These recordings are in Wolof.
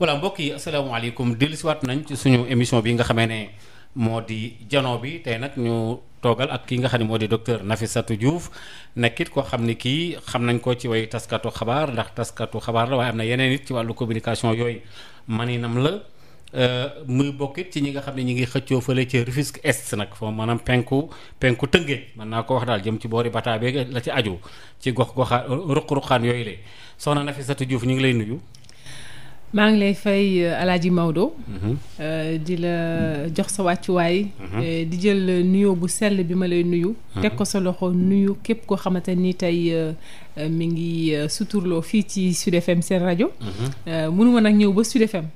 voilà mbokk yi asalaamaaleykum dellusiwaat nañ ci suñu émission bi nga xamee ne moo di jano bi tey nag ñu toogal ak ki nga xam ne moo di docteur Nafissatou Diouf nekkit koo xam ne kii xam nañ ko ci way taskatu xabaar ndax taskatu xabaar la waaye am na yeneen it ci wàllu communication yooyu maninam la euh, muy bokkit ci ñi nga xam ne ñi ngi xëccoo fële ci Rufisque Est nag foofu maanaam penku penku tëngéej mën naa ko wax daal jëm ci boori bataa beeg la ci aju ci gox goxaan ruq-ruqaan yooyu la soxna Nafissatou Diouf ñu ngi lay nuyu maa ngi lay fay euh, Alaaji Maodo mhm. euh, di la jox sa wàccuwaay mhm. euh, di jël nuyoo bu sell bi ma lay nuyu mhm. teg ko sa loxo nuyu képp koo xamante ni tey mi ngi suturloo fii ci Sud FM seen rajo mënu ma nag ñëw ba Sud FM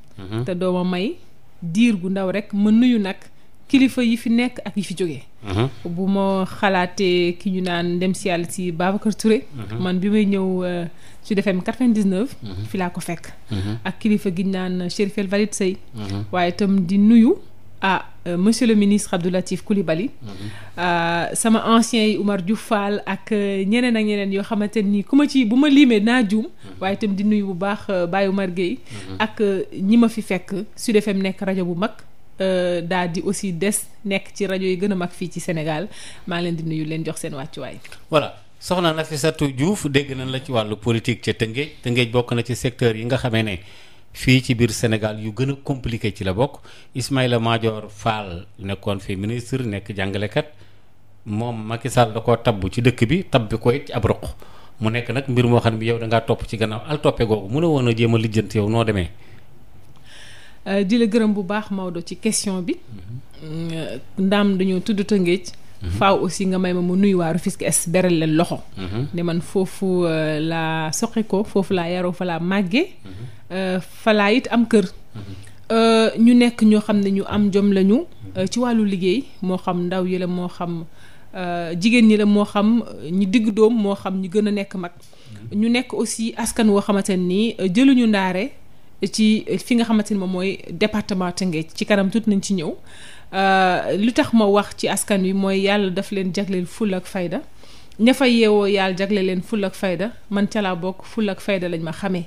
te doo may diir gu ndaw rek ma nuyu nag kilifa yi fi nekk ak yi fi jógee bu ma xalaatee ki ñu naan dem si yàlla si Babacar Touré man bi may ñëw Sud FM 99. Mhm. fi laa ko fekk. Mhm. ak kilifa gi naan Chérif El Valide Seye. Mhm. waaye itam di nuyu. ah euh, monsieur le ministre Abdou Latif Coulibaly mm -hmm. Ah, sama ancien yi Oumar Diouf Fall ak euh, ñeneen ak ñeneen yoo xamante nii ku ma ci bu ma liimee naa juum waaye itam di nuyu bu baax euh, Baye Oumar Gueye ak ñi ma fi fekk su FM nekk rajo bu mag euh, daa di aussi des nekk ci rajo yi gën a mag fii ci Sénégal maa leen di nuyu leen jox seen wàccuwaay soxna Nafissatou Diouf dégg nañ la ci wàllu politique ca Tëngéej Tëngéej bokk na ci secteur yi nga xame ne fii ci biir Sénégal yu gën a compliqué ci la bokk Ismaïla Madior Fall nekkoon fi ministre nekk jàngalekat moom Macky Sall da koo tabb ci dëkk bi tabb ko it ci ab ruq mu nekk nag mbir moo xam ne yow da ngaa topp ci gannaaw al toppe googu mu ne woon a jéem a lijjanti yow noo demee. Euh, di la gërëm bu baax Maodo ci question bi. Mm-hmm. Euh, ndaam dañoo tudd Tëngéej. faaw aussi nga may ma mu nuyu waa Rufisque Est beral leen loxo. Mhm. ne man foofu euh, laa soqe ko foofu laa yaroo fa laa màggee. Mhm. Euh, fa laa it am kër. Mhm. Euh, ñu nekk ñoo xam ne ñu am jom lañu. ci wàllu liggéey moo xam ndaw yi la moo xam jigéen ñi la moo xam ñi digg doom moo xam ñi gën a nekk mag. ñu nekk aussi askan woo xamante ni jëluñu ndaare ci fi nga xamante ni moom mooy département Tëngéej ci kanam tuuti nañ ci ñëw. Euh, li tax ma wax ci askan wi mooy yàlla daf leen jagleel ful ak fayda ña fa yeewoo yàlla jagle leen ful ak fayda man ca laa bokk ful ak fayda lañ ma xamee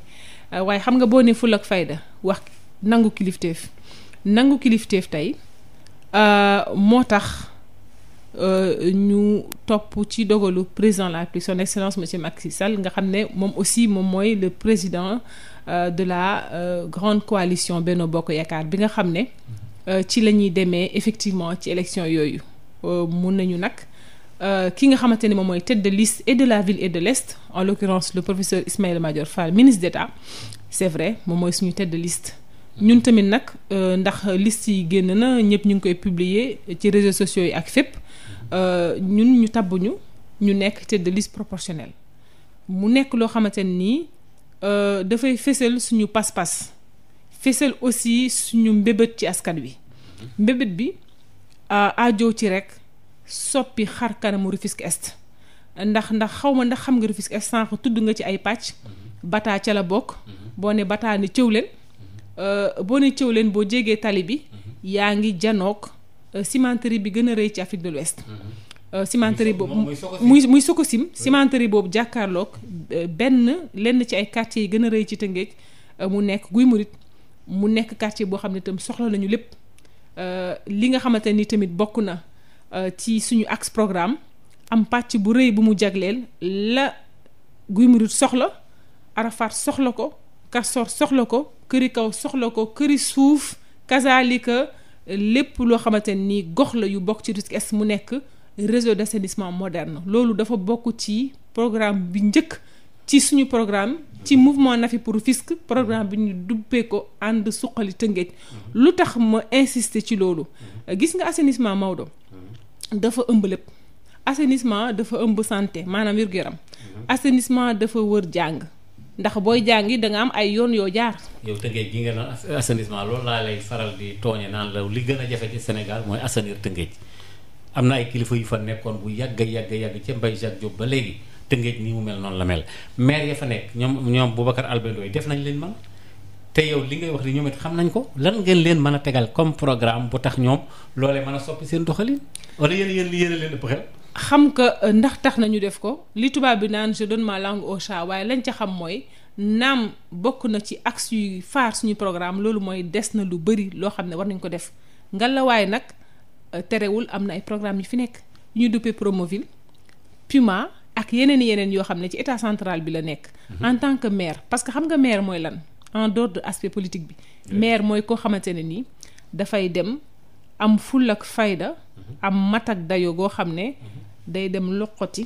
euh, waaye xam nga boo ne ful ak fayda wax nangu kilifteef nangu kilifteef tey euh, moo tax ñu topp ci dogalu président la République son excellence monsieur Macky sal nga xam ne moom aussi moom mooy le président de la grande coalition benn Bokk Yaakaar bi nga xam ne Euh, ci la ñuy demee effectivement ci élection yooyu euh, mun nañu nag euh, ki nga xamante ne moom mooy tête de liste et de la ville et de l'Est en l'occurrence le professeur Ismaïla Madior Fall ministre d'État c'est vrai moom mooy suñu tête de liste ñun tamit nag ndax liste yi génn na ñëpp ñu ngi koy publier ci réseaux sociaux yi ak fépp ñun ñu tabbuñu ñu nekk tête de liste proportionnelle mu nekk loo xamante nii dafay fësal suñu pas-pas fésal aussi suñu mbébét ci askan wi mbébét bi aajow ci rek soppi xar kanamu Rufisque Est ndax ndax xaw ma ndax xam nga Rufisque Est sànq tudd nga ci ay pàcc bataa ca la bokk boo ne bataa ne cëw euh, boo ne cëw boo jégee tali bi yaa ngi janook euh, cimenterie bi gën a rëy ci Afrique de l'Ouest euh, cimenterie boobu muy muy Sococim cimenterie boobu jàkkaarloog benn lenn ci ay quartiers yi gën a rëy ci Tëngéej mu nekk Guy Murit mu nekk quartier boo xam ne tam soxla nañu lépp euh, li nga xamante ni tamit bokk na euh, ci suñu axe programme am pàcc bu rëy bu mu jagleel la Guy Marius soxla Arafat soxla ko Kastor soxla ko këri kaw soxla ko këri suuf kazaalika lépp loo xamante ni gox la yu bokk ci risque mu nekk réseau d'assainissement moderne loolu dafa bokk ci programme bi njëkk ci suñu programme ci mouvement Nafi pour Rufisque programme bi ñu dubbee ko ànd suqali Tëngéej lu tax ma insister ci loolu gis nga assainissement Maodo dafa ëmb lépp assainissement dafa ëmb santé maanaam wér-gu-yaram assainissement dafa wër jàng ndax booy jàngi da nga am ay yoon yoo jaar. yow Tëngéej gi nga naan assainissement loolu laa lay faral di tooñe naan la li gën a jafe ci Sénégal mooy assainir Tëngéej am na ay kilifa yu fa nekkoon bu yàgg yàgg yàgg ca Mbaye Jacques Diop ba léegi. tëngeej nii mu mel noonu la mel maire ya fa nekk ñoom ñoom Boubacar Albert Ndoye def nañ leen man te yow li ngay wax ni ñoom xam nañ ko lan ngeen leen mën a tegal comme programme bu tax ñoom loolee mën a soppi seen doxalin wala yéen yéen yéen a leen ëpp xam que euh, ndax tax nañu def ko li tubaab bi naan je donne ma langue au chat waaye lañ ca xam mooy naam bokk na ci axe yu faar suñu programme loolu mooy des na lu bëri loo xam ne war nañ ko def ngallaawaay nag euh, terewul am na ay programme yu fi nekk ñu duppee Promoville Puma ak yeneen yeneen yoo xam ne ci état centrale bi la nekk. Mhm. en tant que maire parce que xam nga maire mooy lan en dehors de aspect politique bi. maire mooy koo xamante ne nii dafay dem am ful ak fayda. Mhm. am mat dayo goo xam ne. Mhm. day dem loqoti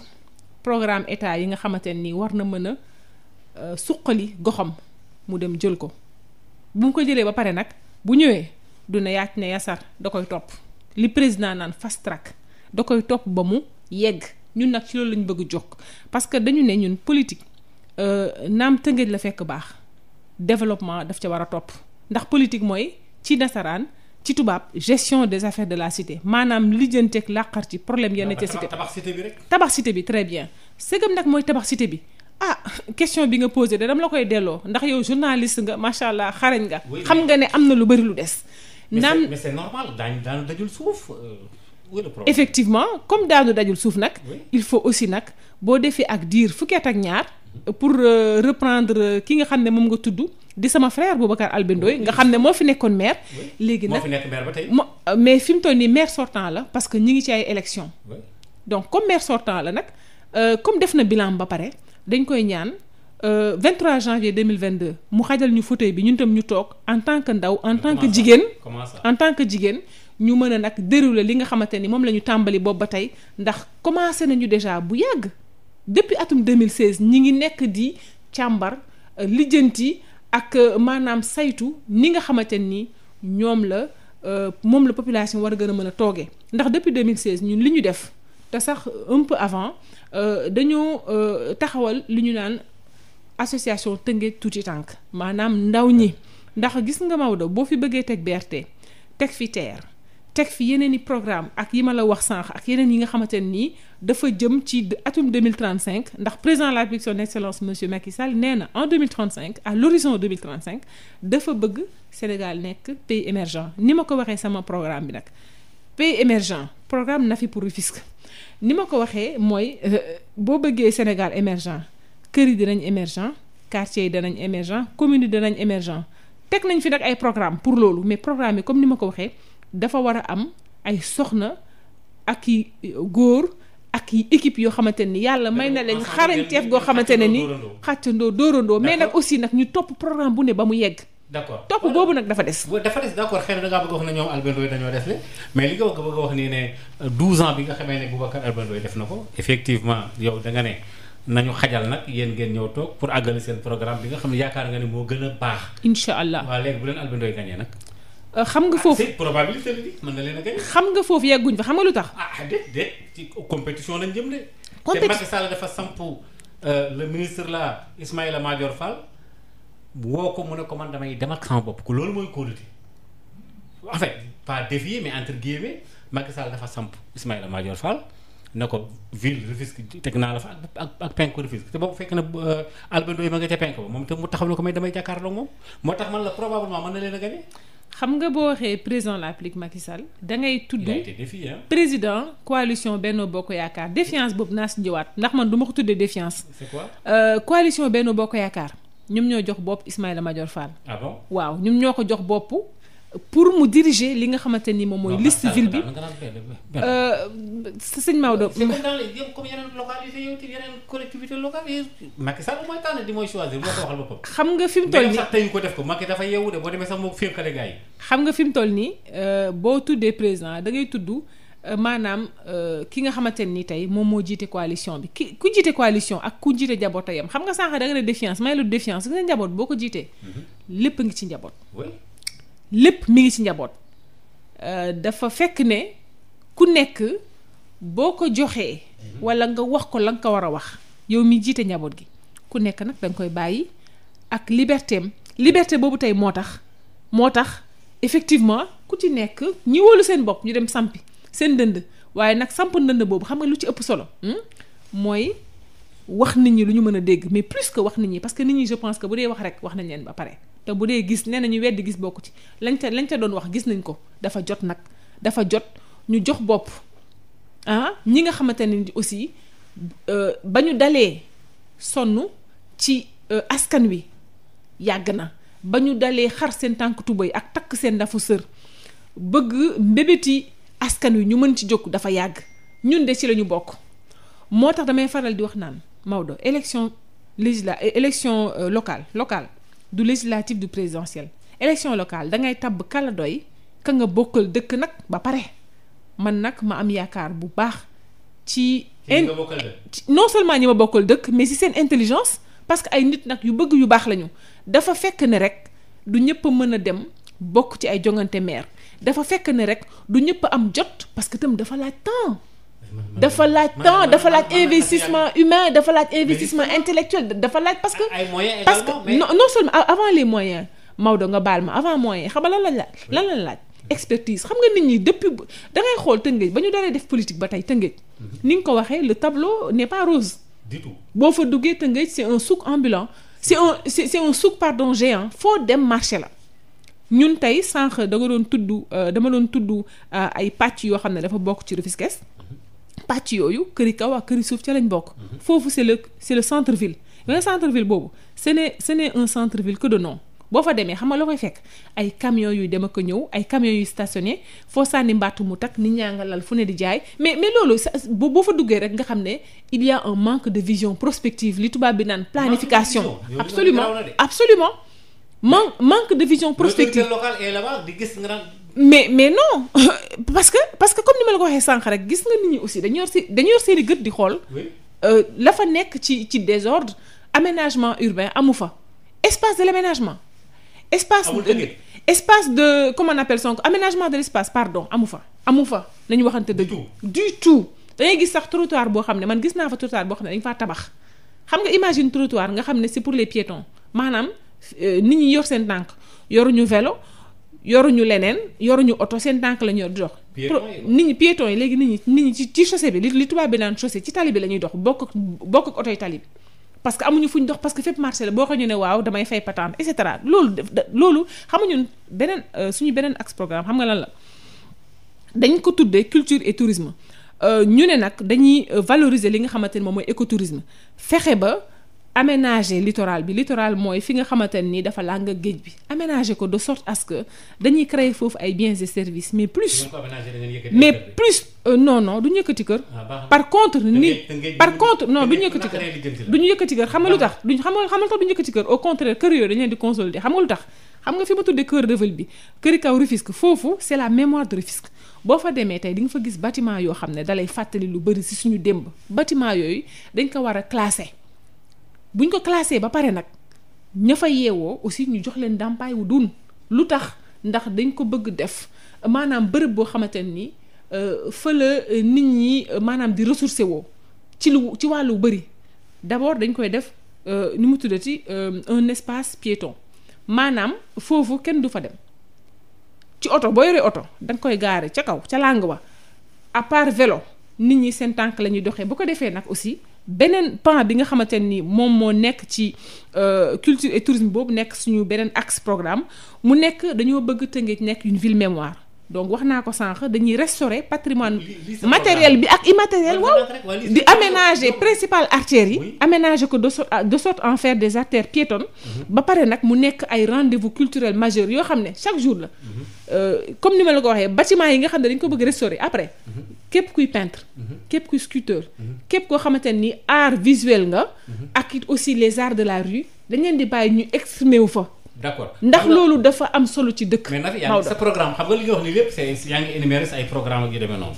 programme état yi nga xamante ne nii war na mën a euh, suqali goxam mu dem jël ko bu mu ko jëlee ba pare nag bu ñëwee du ne yaac ne yasar da koy topp li président naan fast track da koy topp ba mu yegg. ñun nag ci loolu lañu bëgg a jokk parce que dañu ne ñun politique euh, naam tëngëj la fekk baax développement daf ca war a topp ndax politique mooy ci nasaraan ci tubaab gestion des affaires de la cité maanaam lijjanteeg làqar ci problème yenn ca cité tabax cité bi rek. tabax cité très bien sëgam nag mooy tabax cité bi ah question bi nga posé de dama la koy delloo ndax yow journaliste nga macha allah xarañ nga. xam nga ne am na lu bari lu des. naam mais c'est normal daañu daan dajul suuf. Euh. effectivement comme daanu dajul suuf nag il faut aussi nag boo defee ak diir fukki ak ñaar pour euh, reprendre euh, ki nga xam ne moom nga tudd di sama frère Boubacar Albendooy nga xam ne moo fi nekkoon maire léegi nag moo fi euh, mais fi mu toll nii maire sortant la parce que ñi ngi ci ay élection donc comme maire sortant la nag comme def na bilan ba pare dañ koy ñaan 23 janvier 2022 mu xajal ñu fauteuil bi ñun tam ñu toog en tant que ndaw en tant que jigéen en tant que jigéen ñu mën a nag dérouler li nga xamante ni moom la ñu tàmbali boobu ba tey ndax commencé nañu déjà bu yàgg depuis atum 2016 ñi ngi nekk di càmbar euh, lijjanti ak euh, maanaam saytu ni nga xamante ni ñoom la euh, moom la population war a gën a mën a toogee ndax depuis 2016 ñun li ñu def te sax un peu avant dañoo taxawal li ñu naan association Tëngéej tuuti tànk maanaam ndaw ñi ndax gis nga Maodo boo fi bëggee teg BRT teg fi TER teg fi yeneen i programme ak yi ma la wax sànq ak yeneen yi nga xamante ne nii dafa jëm ci atum 2035 ndax président de la République son excellence monsieur Macky Sall nee na en 2035 à l'horizon 2035 dafa bëgg Sénégal nekk pays émergent ni ma ko waxee sama programme bi nag pays émergent programme fi pour Rufisque ni ma ko waxee mooy euh, boo bëggee Sénégal émergent kër yi dinañ émergent quartier yi danañ émergent commune yi danañ émergent teg nañ fi nag ay programme pour loolu mais programme yi ni ma ko waxee dafa war a am ay soxna ak i euh, góor ak i équipe yoo xamante ni yàlla may na leen xarañteef goo xamante ne ni xàccandoo dóorandoo mais nag aussi nag ñu topp programme bu ne ba mu yegg d'accord topp boobu nag dafa des dafa des d'accord na da ngaa bëgg a wax ne ñoom Albert Ndoye dañoo des le mais nga ne 12 euh, ans bi nga xamee ne Boubacar def na ko effectivement yow da nga ne nañu xajal nag yéen ngeen ñëw toog pour àggale seen programme bi nga xam ne yaakaar nga ne moo gën a baax incha allah waaw léegi bu leen Albert nag Euh, xam nga ah, foofu probabilité la mën na leen xam nga foofu yegguñ fa xam nga lu tax. ah déet déet ci compétition lañ jëm de. compétition te Macky Sall dafa samp euh, le ministre la Ismaïla Madior Fall. woo ko mu ne ko man damay dem ak sama bopp ko loolu mooy kóolute en fait pas défier mais entre dafa samp Ismaïla Madior Fall ne ko ville Rufisque teg naa la fa ak ak penku Rufisque te boobu fekk na euh, Albendooy ma nga ca ba moom te mu taxaw ne ko may damay jàkkaarloo moom moo tax man la probablement mën na leen gañe xam nga boo waxee président la République Macky Sall da ngay tudd président coalition Benno Bokk Yaakaar défiance boobu naa si ñëwaat ndax man duma ko tuddee défiance. c'est quoi euh, coalition Benno Bokk Yaakaar ñoom ñoo jox bopp Ismaïla Madior Fall. ah waaw ñoom ñoo ko jox bopp. pour mu diriger li nga xamante ni moom mooy liste ville bi euh, sëñ Maodo. c'est comme dans les comme yeneen localité yow tamit yeneen collectivité locale yi. Macky Sall mooy tànn di xam nga fi mu toll nii ko def ko Macky dafa yeewu de boo demee sax moo fénkale gars yi. xam nga fi mu toll nii euh, boo tuddee président da ngay tudd euh, maanaam ki nga xamante ni tey moom moo jiite coalition bi ki ku jiite coalition ak ku jiite njaboot a yem xam nga sànq da nga ne défiance may lu défiance nga ne njaboot boo ko jiitee mhm. lépp ngi ci njaboot. lépp mi ngi ci njaboot euh, dafa fekk ne ku nekk boo ko joxee walla nga wax ko la nga ko war a wax yow mi jiite njaboot gi ku nekk nag danga koy bàyyi ak liberté am boobu tey moo tax moo tax effectivement ku ci nekk ñi wóolu seen bopp ñu dem sampi seen dënd waaye nag samp ndënd boobu xam nga lu ci ëpp solo hmm? mooy wax nit ñi lu ñu mën a dégg mais plus que wax nit ñi parce nit ñi je pense bu dee wax rek wax nañ leen ba pare te bu dee gis nee nañu weddi gis bokku ci lañ ca lañ ca doon wax gis nañ ko dafa jot nag dafa jot ñu jox bopp ah ñi nga xamante ne aussi euh, ba ñu dalee sonn ci euh, askan wi yàgg na ba ñu dalee xar seen tànk tubéy ak takk seen dafa sër bëgg mbébéti askan wi ñu mën ci jóg dafa yàgg ñun de ci lañu bokk moo tax damay faral di wax naan Maodo élection législa élection euh, locale locale du législatif du présidentiel élection locale da ngay tabb kala doy ka nga bokkal dëkk nag ba pare man nag ma am yaakaar bu baax ci. non seulement ñi ma bokkal dëkk mais si seen intelligence parce que ay nit nag yu bëgg yu baax lañu dafa fekk ne rek du ñëpp mën a dem bokk ci ay jongante maire dafa fekk ne rek du ñëpp am jot parce que tam dafa laaj temps. dafa laaj temps dafa laaj investissement humain dafa laaj investissement intellectuel dafa laaj parce que. ay moyens parce que non non seulement avant les moyens Maodo nga baal ma avant moyens xam nga lan la laaj laaj. expertise xam nga nit ñi dëpp da xool Tëngéej ba ñu daree def politique ba tey Tëngéej. Mhm. ni nga ko waxee le tableau ne pas rose. boo fa duggee Tëngéej c'est un souk ambulant c'est un c'est c'est un souk pardon géant foo dem marché la. ñun tey sànq da nga doon tudd euh, dama doon tudd euh, ay pàcc yoo xam ne dafa bokk ci Rufisque pàcc yooyu këri kaw ak këri suuf ca lañ bokk. Mhm. foofu c' est le c' est le centre ville mais centre ville boobu ce n' n' est un centre ville que de nom boo fa demee xam loo koy fekk ay camions yuy dem ak ñëw ay camions yuy stationné foo sànni mbattu mu takk nit ñaa nga lal fu ne di jaay mais mais loolu boo fa duggee rek nga xam ne il y a un manque de vision prospective li tubaab bi naan planification. absolument absolument manque de vision prospective. di gis nga mais mais non parce que parce que comme ni ma la ko waxee sànq rek gis nga nit ñi aussi dañu yor si dañu yor seen gët di xool. Euh, la fa nekk ci ci désordre aménagement urbain amu fa. espace de l' aménagement. espace de espace de comment on appelle ça aménagement de l' espace pardon amu fa. amu fa nañu waxante dëgg. du tout da gis sax trottoir boo xam ne man gis naa fa trottoir boo xam ne dañu faa tabax xam nga imagine trottoir nga xam ne si pour les piétons maanaam euh, nit ñi yor seen tànk yoruñu vélo. yoruñu leneen yoruñu oto seen tànk la ñuy dox. nit ñi piétons yi léegi nit ñi nit ñi ci ci chaussée bi li tubaab bi naan chaussée ci tali bi la ñuy dox bokk bokk ak oto yi tali parce que amuñu fuñ dox parce que fépp marché la boo ko ñu ne waaw damay fay patente et cetera loolu loolu xamuñu beneen euh, suñu beneen axe programme xam nga lan la dañ ko tuddee culture et tourisme euh, ñu ne nag dañuy euh, valoriser li nga xamante ne moom mooy écotourisme fexe ba. aménager littoral bi littoral mooy fi nga xamante ne nii dafa làng ak géej bi aménager ko de sorte à que dañuy créer foofu ay biens et services mais plus mais plus euh, non non du ñu yëkkati kër ah, par contre ni par contre non du ñu yëkkati kër du ñu yëkkati kër xam lu ah, tax duñ xam nga xam nga lu tax du ñu yëkkati kër au contraire kër yooyu dañ leen di consolider xam nga lu tax xam nga fi ma tuddee cœur de bi këri kaw Rufisque foofu c'est la mémoire de Rufisque boo fa demee tey di nga fa gis bâtiment yoo xam ne dalay fàttali lu bëri si suñu démb bâtiment yooyu dañ ko war a classer buñ ko classé ba pare nag ña fa yeewoo aussi ñu jox leen ndàmpaay wu dun lu tax ndax dañ ko bëgg def maanaam bërëb boo xamante ni euh, fa la euh, nit ñi euh, maanaam di ressourcé woo ci lu ci wàllu bëri d'abord dañ koy def ni mu tuddati un espace piéton maanaam foofu kenn du fa dem ci oto boo yore oto da nga koy gaare ca kaw ca làng wa à part vélo nit ñi seen tànk la ñuy doxee bu ko defee nag aussi. beneen pan bi nga xamante ni moom moo nekk ci euh, culture et tourisme boobu nekk suñu beneen ax programme mu nekk dañoo bëgg Tëngéej nekk une ville mémoire donc wax naa ko sànq dañuy restaurer patrimoine matériel bi ak immatériel waaw di aménager principal artères yi aménager ko de de sorte en faire des artères piétonnes mhm. ba pare nag mu nekk ay rendez-vous culturels majeurs yoo xam ne chaque jour la mhm. euh, comme ni ma la ko waxee bâtiment yi nga xam ne dañ ko bëgg restaurer après mhm. képp kuy peintre képp kuy sculpteur képp koo xamante ni art visuel nga ak it aussi les arts de la rue dañ leen di bàyyi ñu exprimer wu fa d'accord ndax loolu dafa am solo ci dëkk. Maodo mais Nafi sa programme xam nga li nga wax ni lépp c'est yaa ngi énuméré sa ay programme ak yu demee noonu.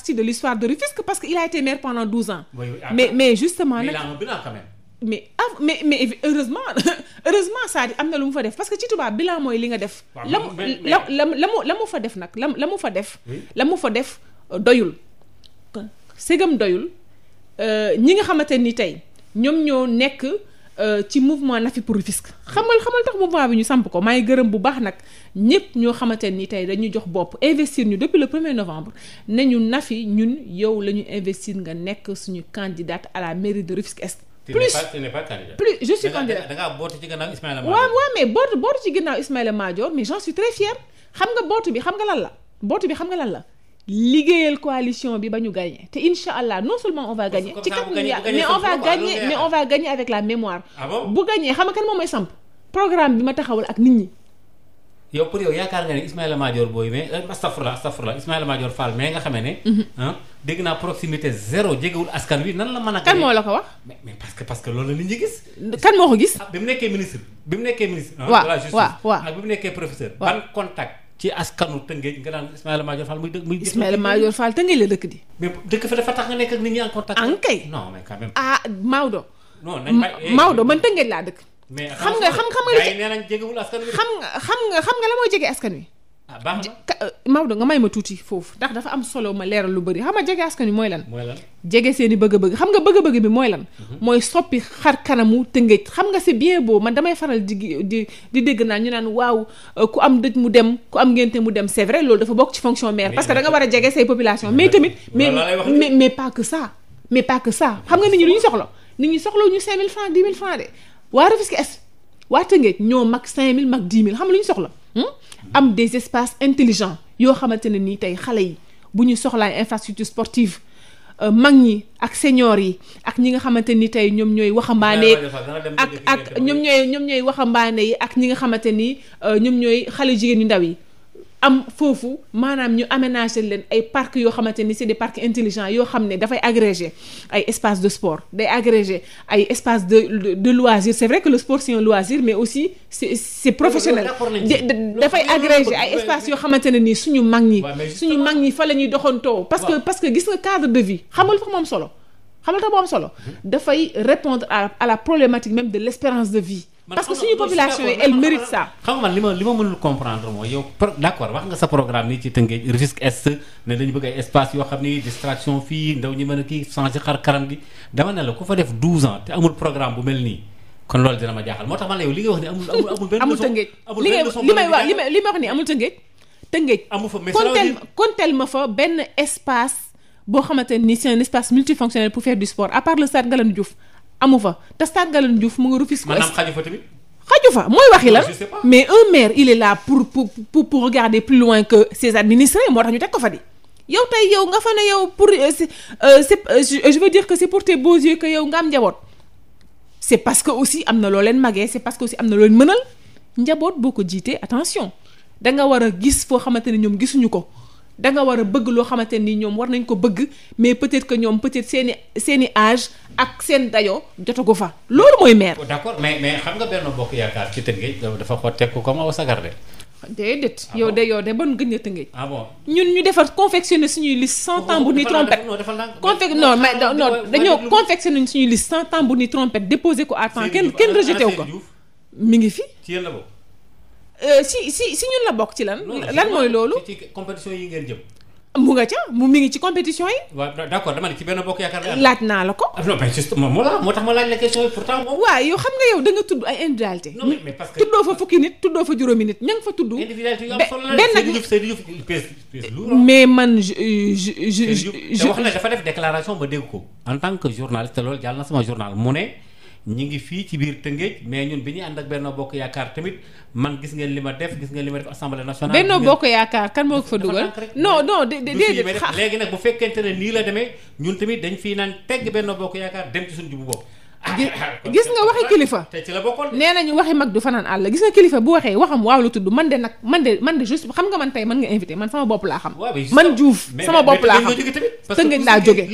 partie de l'histoire de Rufisque parce que il a été maire pendant 12 ans. Oui, mais mais justement. mais mais heureusement heureusement ça di am na lu mu fa def parce que ci tubaab bilan mooy li nga def. la mu la la mu la mu fa def nag la la mu fa def. la mu fa def euh, doyul. ségam doyul euh, ñi nga xamante ni tey ñoom ñoo nekk. Euh, ci mouvement Nafi pour Rufisque xamal xamal tax mouvement bi ñu samp ko maa ngi gërëm bu baax nag ñëpp ñoo xamante ni tey dañu jox bopp investir ñu depuis le premier novembre ne ñu Nafi ñun yow la ñu investir nga nekk suñu candidate à la mairie de Rufisque Est. plus plus je suis candidate da ngaa bootu ci gannaaw Ismaïla Madior waaw waaw mais bootu bootu ci suis très fière xam nga bootu bi xam nga lan la bootu bi xam nga lan la. liggéeyal coalition bi ba ñu gagné te incha allah non seulement on va gagner ci kat ñu yàlla mais on va avec la mémoire ah bu gagné xam nga kan moom mooy programme bi ma taxawal ak nit ñi yow pour yow yaakaar nga ne Ismaïla Madior Boye mais astafurla euh, astafurla Ismaïla Madior Fall mais nga xamee ne mhm. dégg naa proximité zéro jegewul askan wi nan la mën a kan moo la ko wax parce que parce que loolu la nit ñi gis kan moo ko gis ah, bi mu nekkee ministre ci askanu Tëngéej nga naan Ismaïla Madior Fall muy dë muy. Ismaïla Madior Fall Tëngéej la dëkk di. dëkk fa dafa tax nga nekk ak nit ñi en contact. en kay non mais quand même. ah Maodo. non nañ bàyyi Maodo man Tëngéej laa dëkk. nga xam nga. xam nga xam nga la mooy jege askan wi. ah baax na euh, Maodo nga may ma tuuti foofu ndax dafa am solo ma leeral lu bëri xam nga jege askan wi mooy lan. mooy lan jege seeni i bëgg-bëgg xam nga bëgg-bëgg bi mooy lan. Mhm. mooy soppi xar kanamu tëngëj xam nga se bien boo man damay faral di di dégg naan ñu naan waaw euh, ku am dëj mu dem ku am ngénte mu dem c'est vrai loolu dafa bokk ci fonction maire. parce que da war a jege say population. mais tamit mais mais mais pas que ça. mais pas que ça xam nga nit ñi lu ñu soxla nit ñu soxla ñu 5000 francs 10 000 francs de waa Rufisque Est xam nga lu soxla Hmm? am des espaces intelligents yoo xamante ne nii tey xale yi bu ñu soxlaay infrastructure sportive euh, mag ñi ak senior yi ak ñi nga xamante ni tey ñoom ñooy waxambaane yi ak ak ñoom ñooy ñoom ñooy waxambaane yi ak ñi nga xamante ni euh, ñoom ñooy xale jigéen ñu ndaw yi am foofu maanaam ñu aménager leen ay parcs yoo xamante ni c'est des parcs intelligents yoo xam ne dafay agrégé ay espace de sport day agrégé ay espace de de, de loisir c'est vrai que le sport aussi c'est c'est professionnel dafay agrégé ay espace yoo xamante ne nii suñu mag ñi suñu mag ñi fa la ñuy doxantoo parce que parce que gis nga cadre de vie xamal fa moom solo xamal tax moom solo mm-hmm. dafay répondre à à la problématique même de l'espérance de vie parce que suñu population yi elle mérite ça. xam nga man li ma li ma mënul comprendre mooy yow d' accord wax nga sa programme nii ci tënkee risque est ne dañu bëgg ay espace yoo xam ni distraction fii ndaw ñi mën a kii changé xar karam gi dama ne ku fa def 12 ans te amul programme bu mel nii. kon loolu dina ma jaaxal moo tax man la yow li nga wax ni amul tëngéej tëngéej tëngéej ma fa benn espace boo xamante ni c'est un espace multifonctionnel amu fa te Tàggalan Diouf mu nga Rufisque. maanaam xaju fa tamit. xaju fa mooy waxi lan mais un maire il est là pour pour pour, pour regarder plus loin que ses administrés moo tax ñu teg ko fa di. yow tey yow nga fa ne yow pour euh, c'est euh, euh, je veux dire que c'est pour tes beaux yeux que yow nga am njaboot c'est parce que aussi am na loo leen magee c'est parce que aussi am na loo leen mënal njaboot boo ko jiitee attention da nga war a gis foo xamante ne ñoom gisuñu ko. danga war a bëgg loo xamante ni ñoom war nañ ko bëgg mais peut-être que ñoom peut-être seeni seeni âge ak seen dayoo jotagu fa loolu mooy maire. Oh, d'accord mais mais xam nga benn bokk yaakaar ci tënkee dafa xotteeku ko aw sagar de. déedéet. Ah yow de yow de ban gën a tënkee. ah bon ñun ñu defar confectionner suñuy liste sans oh, oh, tambour ni trompette. confec non mais non dañoo confectionner suñuy liste sans tambour ni trompette déposé ko à temps kenn kenn rejeté wu ko mi ngi fi. Euh, si si si ñun la bokk ci lan. lan mooy loolu. ci compétition yi ngeen mu nga ca mu mi ngi ci compétition yi. waaw d'accord dama ne ci benn bokk yaakaar laaj naa la ko. Ah, moo tax ma laaj la question yi pourtant moom. waaw yow xam nga que tuddoo fa fukki nit tuddoo fa juróomi nit ña nga fa tudd. individualité yu am solo la benn mais man je je je. wax na dafa def déclaration ma dégg ko. en tant que journaliste loolu jàll na sama journal mu ne. ñu ngi fii ci biir Tëngéej mais ñun bi ñuy ànd ak Benno Bokk Yaakaar tamit man gis ngeen li ma def gis ngeen li ma def assemblée nationale. Benno Bokk Yaakaar kan moo ko fa dugal non non déedéet léegi nag bu fekkente ne nii la demee ñun tamit dañ fii naan tegg Benno Bokk Yaakaar dem ci suñu jubu bopp gis nga waxi kilifa nee nañu waxi mag du fanaan àll gis nga kilifa bu waxee waxam waaw la tudd man de nag man de man de juste xam nga man tey mën nga invité man sama bopp laa xam man Diouf sama bopp laa xam tëngëj laa jóge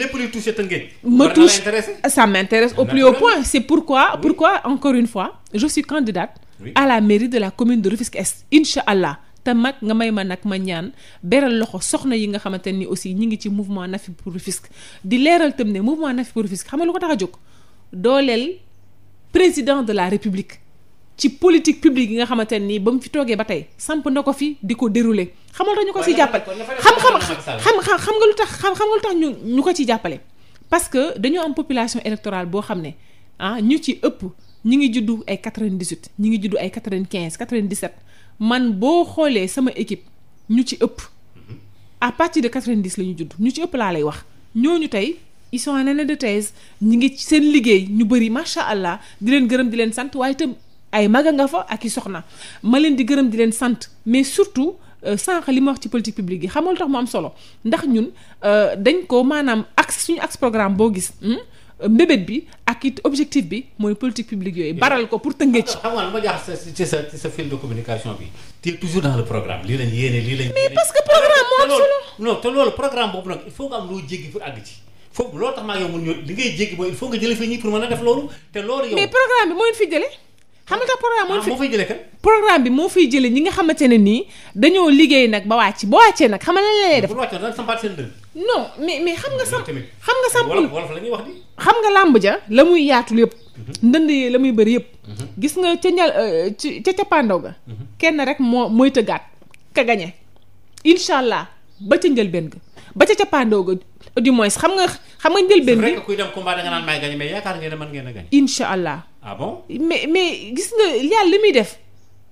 ma touche ça m'intéresse au plus haut point c'est pourquoi pourquoi encore une fois je suis candidate à la mairie de la commune de Rufisque Est incha allah te mag nga may ma nag ma ñaan beral loxo soxna yi nga xamante ni aussi ñi ngi ci mouvement Nafi pour Rufisque di leeral tam ne mouvement Nafi xam nga lu ko tax a jóg dooleel président de la république ci politique publique yi nga xamante ne nii ba mu fi toogee ba tey samp na ko fi di ko dérouler xamal tax ñu ko ci jàppale xam-xam xam xam nga lu tax xam tax ñu ñu ko ci jàppale parce que dañoo am population électorale boo xam ne ah ñu ci ëpp ñu ngi juddu ay 98 ñi ngi juddu ay 95 97 man boo xoolee sama équipe ñu ci ëpp mm-hmm. à partir de 90 la ñu juddu ñu ci ëpp laa lay wax ñooñu tey ils sont en année de thèse ñi ngi seen liggéey ñu bëri macha allah di leen gërëm di leen sant waaye itam ay a nga fa ak i soxna ma leen di gërëm di leen sant mais surtout euh, sànq li ma wax ci politique publique yi xamul tax mu am solo ndax ñun euh, dañ ko maanaam ak suñu axe programme boo gis hmm, mbébét bi ak it objectif bi mooy politique publique yooyu baral ko pour tënkee ah, ah, ah, ci. nga lu ma sa ci de communication bi. te toujours dans le programme lii lañ yéene lii lañ. mais parce que programme moo am solo. non te loolu programme boobu nag il faut nga am loo àgg ci. foofu loolu tax maa ngi yow mën ñëw li ngay jéggi mooy il faut nga jëlee fi ñi pour mën a def loolu te loolu yow mais programme bi moo leen fi jëlee xam nga tax ah, jëlee kan programme bi moo fiy jëlee ñi nga xamante ne nii dañoo liggéey nag ba wàcc ba wàccee nag xam nga lan la lay def bu wàccee da sampaat seen dënn non mais nga samp xam nga la ñuy wax di xam nga làmb ja la muy yaatul yépp mhm. ndënd yi la muy bëri yëpp mhm. gis nga ca ñal euh, ca cappaandaw ga mhm. kenn rek moo mooy tëggaat ka gañe incha allah ba ca njëlbeen ga ba ca cappaandaw ga du moins xam nga xam nga njëlbeen bi. kuy dem combat da nga naan may gañ mais yaakaar a gañ. allah. Ah bon mais mais gis nga yàlla li muy def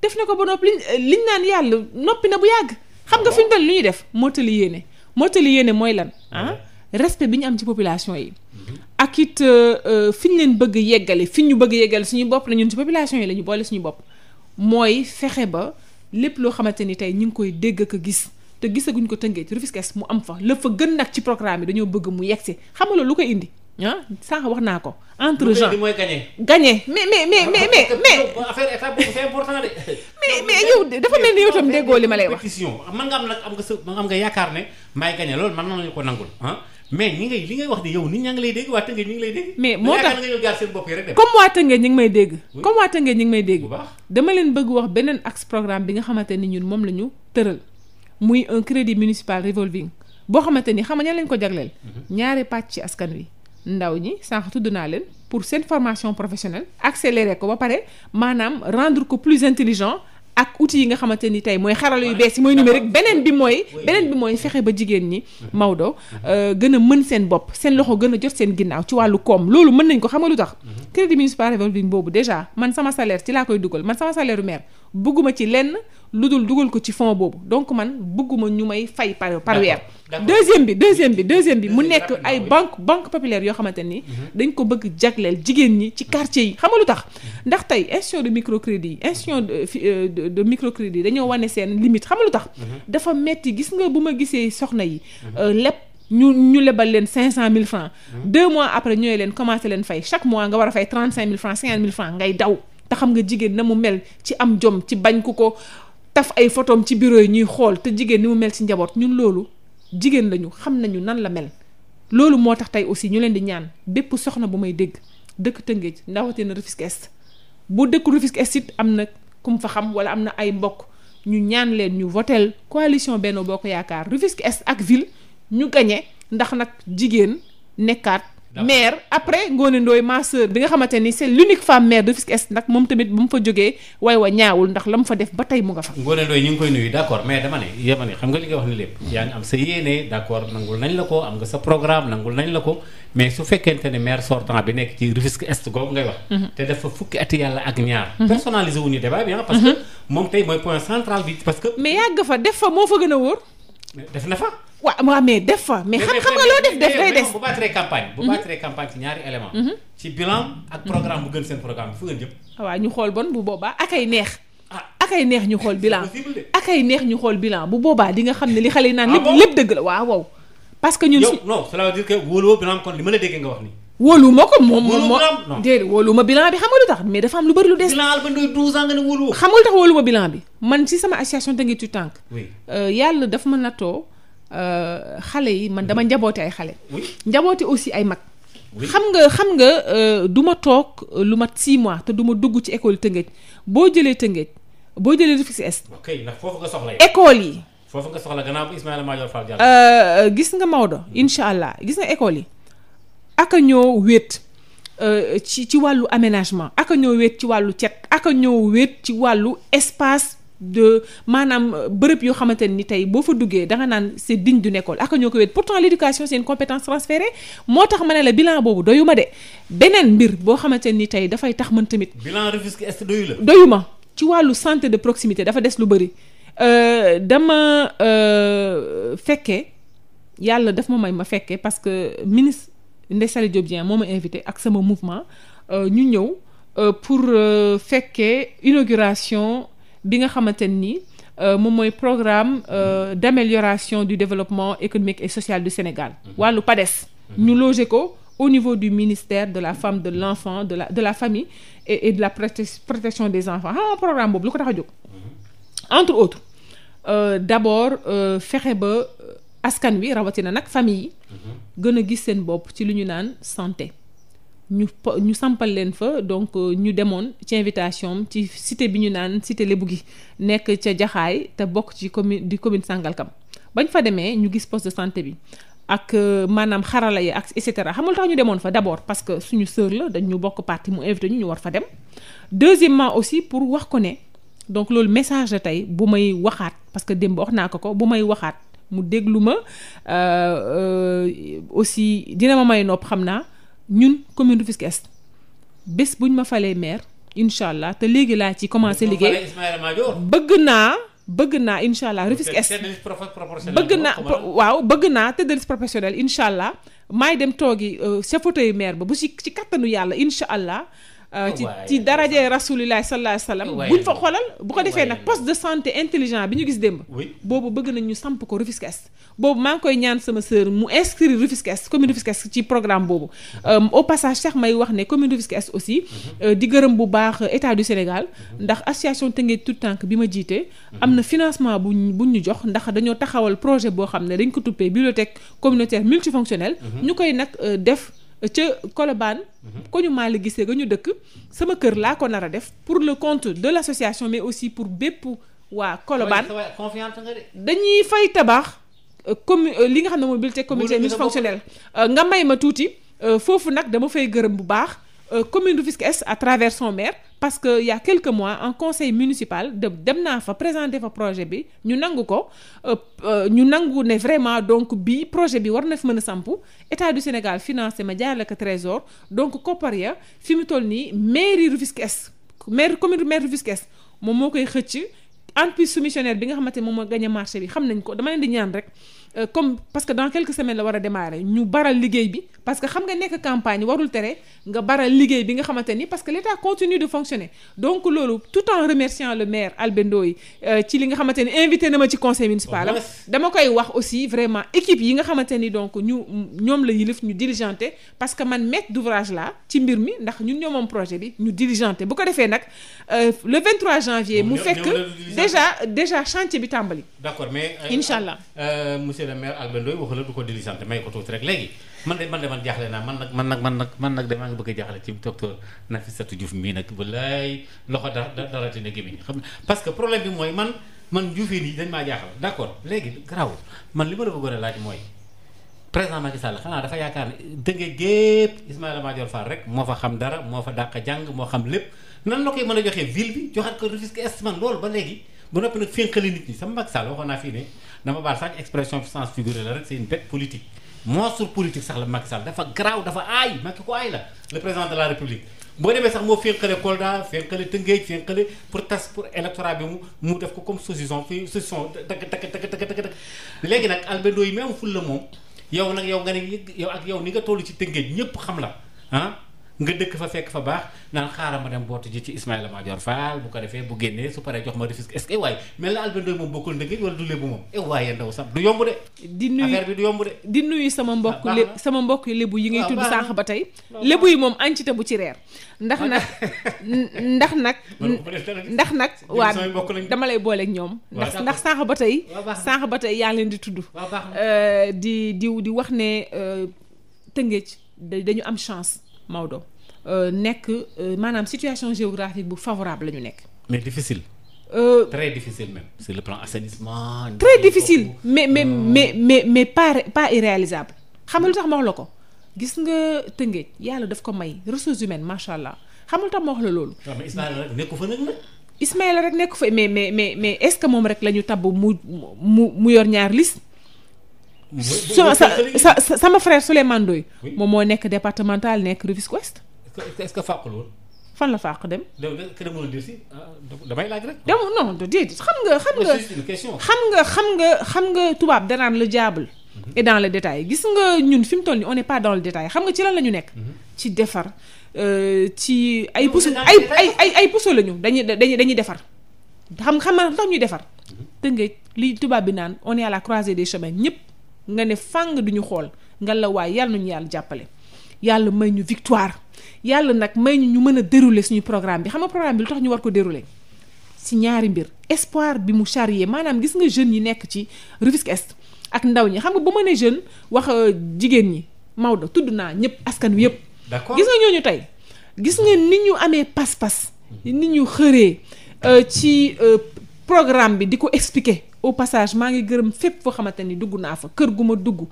def na ko ba noppi li euh, liñ naan yàlla noppi na bu yàgg. xam nga ah fi ñu doon lu ñuy def mottali yéene mottali yéene mooy lan ah, ah respect bi ñu am ci population yi. Mm-hmm. ak it euh, euh, fi ñu leen bëgg yeggale fi ñu bëgg yeggale suñu bopp la ñun ci population yi la boole suñu bopp mooy fexe ba lépp loo xamante ni tey ñu ngi koy dégg ak gis. te gisaguñ ko tëngee ci Rufisque mu am fa la fa gën nag ci programme bi dañoo bëgg mu yegsi xam nga lu ko indi ah wax naa ko. entre gens mooy gagné. gagné mais mais mais mais mais mais. affaire wax. pétition man nga am nag yaakaar ne maay gagné man nañu ko nangul ah. mais ñi ngay li ngay wax ni yow nit ñaa ngi lay dégg waa Tëngéej ñi ngi lay dégg. mais moo tax nga ñëw jaar seen bopp yi rek comme waa Tëngéej ñi ngi may dégg. comme waa Tëngéej ñi ngi may dégg. dama leen bëgg wax beneen axe programme bi nga xamante ni ñun moom la ñu tëral muy un crédit municipal revolving boo xamante ni xam nga ñan lañ ko jagleel. Mhm. ñaari pàcc ci askan wi. ndaw ñi sànq tudd naa leen pour seen formation professionnelle accélérer ko ba pare maanaam rendre ko plus intelligent ak outils yi nga xamante ni tey mooy xarala yu bees yi mooy numérique beneen bi mooy bi mooy fexe ba jigéen ñi mhm. Maodo mhm. Euh, gën a mën seen bopp seen loxo gën a jot seen ginnaaw ci wàllu koom loolu mën nañ ko xam nga lu tax crédit municipal revolving boobu déjà man sama salaire ci laa koy dugal man sama salaire maire bëgguma ci lenn lu dul dugal ko ci fond boobu donc man bëgguma ñu may fay par par weer deuxième bi deuxième bi deuxième bi mu nekk ay banque banque populaire yoo xamante ni mhm. dañ ko bëgg jagleel jigéen ñi ci mhm. quartier yi xam nga tax mhm. ndax tey institution de microcrédit institution euh, de de dañoo wane seen limite xam nga lu tax dafa metti gis nga bu ma gisee soxna yi euh, lépp ñu ñu lebal leen cinq cent mille francs deux mois après ñooy leen commencé leen fay chaque mois nga war a fay trente te xam nga jigéen na mu mel ci am jom ci bañ ku ko taf ay photom ci bureau yi ñuy xool te jigéen ni mu mel ci njaboot ñun loolu jigéen lañu xam nañu nan la mel loolu moo tax tey aussi ñu leen di ñaan bépp soxna bu may dégg dëkk Tëngéej ndawatee na Rufisque Est bu dëkk Rufisque Est it am na kum fa xam wala am na ay mbokk ñu ñaan leen ñu votel coalition Benno Bokk Yaakaar Rufisque Est ak ville ñu gañe ndax nag jigéen nekkaat maire après Ngoné Ndoye bi nga xamante ni c' unique femme maire de Est nag moom tamit bu mu fa jógee way ñaawul ndax la mu fa def ba tey mu nga fa d' accord mais nga li wax ni lépp yaa ngi am sa yéene d' nangul nañ la ko am nga sa programme nangul nañ la ko mais su fekkente ne maire sortant bi nekk ci Rufisque Est googu ngay wax mhm. te dafa fukki ati yàlla ak ñaar mhm. personnalisé wuñu débat bi ah parce mhm. moom tey mooy point central bi parce a def na fa. waaw waaw mais def fa mais. xam nga loo def def day des bu battre campagne. bu battre mhm. campagne ci ñaari élément mhm. ci bilan ak programme bu gën seen programme bi fu ngeen jëm. waaw ñu xool bon bu boobaa akay neex. Ah. akay neex ñu xool bilan akay neex ñu xool bilan bu boobaa di nga xam ne li xale yi naan ah lépp lépp dëgg la waaw waaw. parce que ñun si yow non cela veut dire que kon li ma la déggee nga wax nii. wóolu ma ko moom moom déedéet wóolu ma bilan bi xam nga lu tax mais dafa am lu bëri lu des. bilan Alba Ndoye 12 ans nga ne wóolu. xam nga lu tax wóolu ma bilan bi man ci sama association Tanguy tu tànk. Euh, yàlla daf ma nattoo euh, xale yi man dama njaboote ay xale. njaboote aussi ay mag. xam nga xam nga euh, du ma toog lu mat 6 mois te du ma dugg ci école Tëngéej boo jëlee Tëngéej boo jëlee Rufisque Est. ok ndax foofu nga soxla école yi. foofu nga soxla gannaaw Ismaïla Madior Fall gis nga Maodo mm. incha allah gis nga école yi. aka ñoo wéet euh, ci ci wàllu aménagement aka ñoo wéet ci wàllu cet aka ñoo wéet ci wàllu espace de maanaam euh, bërëb yoo xamante ne ni tey boo fa duggee danga naan c'est digne d'une école aka ñoo ko wéet pourtant l'éducation c'est une compétence transférée moo tax ma ne la bilan boobu doyuma de beneen mbir boo xamante ni tey dafay tax man tamit. bilan Rufisque Est doyu la. doyuma ci wàllu santé de proximité dafa des lu bëri euh, dama fekke yàlla daf ma may ma fekkee parce que ministre. Ndeye Saly Diop Dieng moo ma invité ak sama mouvement euh, ñu ñëw euh, pour euh, fekkee inauguration bi nga xamante ni moom mooy programme d'amélioration du développement économique et social du Sénégal mhm. wàllu PADES mhm. ñu logé ko au niveau du ministère de la femme de l'enfant de la de la famille et, et de la protection des enfants ah programme boobu lu ko tax a jóg mhm. entre autres euh, fexe ba askan wi rawatina nag famille yi gën a gis seen bopp ci lu ñu naan santé ñu ñu sampal leen fa donc euh, ñu demoon ci invitation ci cité bi ñu naan cité Lébu gi nekk ca Jaxaay te bokk ci commune di commune Sangalkam bañ fa demee ñu gis poste de santé bi ak euh, maanaam xarala yi ak et cetera xamul tax ñu demoon fa d'abord parce que suñu sœur la dañ ñu bokk parti mu invité ñu ñu war fa dem deuxièmement aussi pour wax ko ne donc loolu message la tey bu may waxaat parce que démb wax naa ko ko bu may waxaat mu déglu ma euh, euh, aussi dina ma may nopp xam naa ñun commune Rufisque Est bés buñ ma falee maire incha allah te léegi laa ci commencé liggéey bëgg naa bëgg naa incha allah Est bëgg naa waaw bëgg naa tête de liste incha allah maay dem toogi sa euh, fauteuil maire ba bu si ci kattanu yàlla incha allah Euh, ci ci darajee rasulillah sallallahu alayhi wasallam buñ fa xoolal bu ko defee nag poste de santé intelligent bi ñu gis démb boobu bëgg nañ ñu samp ko Rufisque Est boobu maa ngi koy ñaan sama sœur mu inscrire Rufisque Est commune ci programme boobu mhm. euh, au passage sax may wax ne commune Rufisque Est aussi mhm. euh, di gërëm bu baax état du Sénégal mhm. ndax association Tëngéej Tout Tànk bi ma jiite am na financement bu buñ ñu jox ndax dañoo taxawal projet boo xam ne dañ ko tuppee bibliothèque communautaire multifonctionnelle ñu koy nag def ca Colobane mhm. ko ñu maa la gisee nga ñu dëkk sama kër laa ko nara def pour le compte de l'association mais aussi pour bépp waa Colobane dañuy fay tabax euh, commu euh, li nga xam ne mobilité communautaire multifonctionnelle euh, nga may ma tuuti foofu nag dama fay gërëm bu baax Euh, commune Rufisque Est à travers son maire parce que il y mois en conseil municipal de dem naa fa présenter fa projet bi ñu nangu ko euh, euh, ñu nangu ne vraiment donc bii projet bi war na fi mën a samp état du Sénégal financé ma jaarale ko trésor donc koppar ya fi mu toll nii mairie Rufisque Est maire commune maire Rufisque Est moom moo koy xëcc en entreprise soumissionnaire bi nga xamante ne moom moo gagné marché bi xam nañ ko dama leen di ñaan rek. Euh, comme parce que dans quelques semaines la war a démarrer ñu baral liggéey bi parce que xam nga nekk campagne warul tere nga baral liggéey bi nga xamante ni parce que l'État continue de fonctionner donc loolu tout en remerciant le maire Albé Ndoye euh, ci li nga xamante ni invité na ma ci conseil municipal am dama koy wax aussi vraiment équipe yi nga xamante ni donc ñu ñoom la yilif ñu diligenté parce que man maître d'ouvrage la ci mbir mi ndax ñun ñoo moom projet bi ñu diligenté bu ko defee nag euh, le 23 janvier mu fekk déjà déjà chantier bi tàmbali d'accord mais incha monsieur le maire Albert Ndoye waxu may ko tuuti rek léegi man de man de man jaaxle naa man nag man nag man nag de maa ngi bëgg a jaaxle ci docteur Nafissatou Diouf mii nag bu loxo da dara dina gémmiñ xam parce que problème bi mooy man man Diouféen yi dañ maa jaaxal d' accord léegi garaawul man li ma la bëggoon a laaj mooy président Macky Sall xanaa dafa yaakaar ne dënge gépp Ismaïla Madior Fall rek moo fa xam dara moo fa dàq jàng moo xam lépp nan la koy mën a joxee ville bi joxaat ko Rufisque Est man ba léegi ba noppi dama baal sax expression sens figuré la rek c'est une bête politique monstre politique sax la Macky Sall dafa garaaw dafa aay Macky ko aay la le président de la république boo demee sax moo fénqale Kolda fénqale Tëngéej fénqale pour tas pour électorat bi mu mu def ko comme saucisson fii saucisson dagg dagg dagg dagg dagg léegi nag albendo yi même ful la moom yow nag yow nga ne yow ak yow ni nga toll ci Tëngéej ñëpp xam la ah nga dëkk fa fekk fa baax naan xaaral ma dem bootu ji ci Ismaïla Madior Fall bu ko defee bu génnee su paree jox ma Rufisque est-ce que waay mel na Albert Ndoye moom bokkul ndëgg wala du lébu moom eh waaye du yomb di nuyu affaire bi du di nuyu sama ah, mbokk sama mbokk lébu yi ngay ah, tudd sànq ba tey. Ah, lébu yi moom ancité bu ci reer. ndax nag ndax nag. ndax nag waa dama lay booleek ñoom. ndax ndax sànq ba tey. sànq ba tey yaa leen di tudd. Euh, di di di wax ne euh, tëngéej dañu am chance Maodo euh, nekk euh, maanaam situation géographique bu favorable la ñu nekk. mais difficile. Euh, très difficile le plan assainissement. difficile mais mais, hum... Euh. mais mais mais mais pas pas irréalisable tax ma wax la ko gis nga Tëngéej yàlla daf ko may ressources humaines macha allah xam nga lu tax ma wax la loolu. waaw mais Ismaïla rek nekku fa nag la. Ismaïla rek nekku fa mais mais mais mais est-ce que moom rek la ñu tabb mu mu mu yor ñaar liste. sa sa sama sama frère Souleymane Ndoye moom moo nekk départemental nekk Rufisque Ouest. est-ce que fàqul woon fan la fàq dem. dem ah, damay laaj rek. dem non déedéet xam nga xam nga xam nga xam nga xam nga tubaab danaan la jaable mhm. et dans le détail gis nga ñun fi mu toll ni on n'est pas dans le détail xam nga ci lan la ñu nekk. Mhm. ci defar euh, ci ay puso ay ay ay ay puso la ñu dañuy dañuy dañuy defar. xam xam nga tax ñuy defar. te mhm. nga li tubaab bi naan on est à la croisée des chemins ñëpp. nga ne fàng duñu xool nga la waay yàlla nañu yàlla jàppale yàlla may ñu victoire yàlla nag may ñu ñu mën a dérouler suñu programme bi xam nga programme bi lu tax ñu war ko dérouler si ñaari mbir espoir bi mu charrier maanaam gis nga jeunes yi nekk ci Rufisque Est ak ndaw ñi xam nga bu ma ne jeune wax euh, jigéen ñi Maodo tudd naa ñëpp askan wi yëpp. d'accord gis nga ñooñu tey gis nga ni ñu amee pas-pas. ni ñu xëree euh, ci euh, programme bi di ko expliquer. au passage maa ngi gërëm fépp foo xamante ni dugg naa fa kër gu ma dugg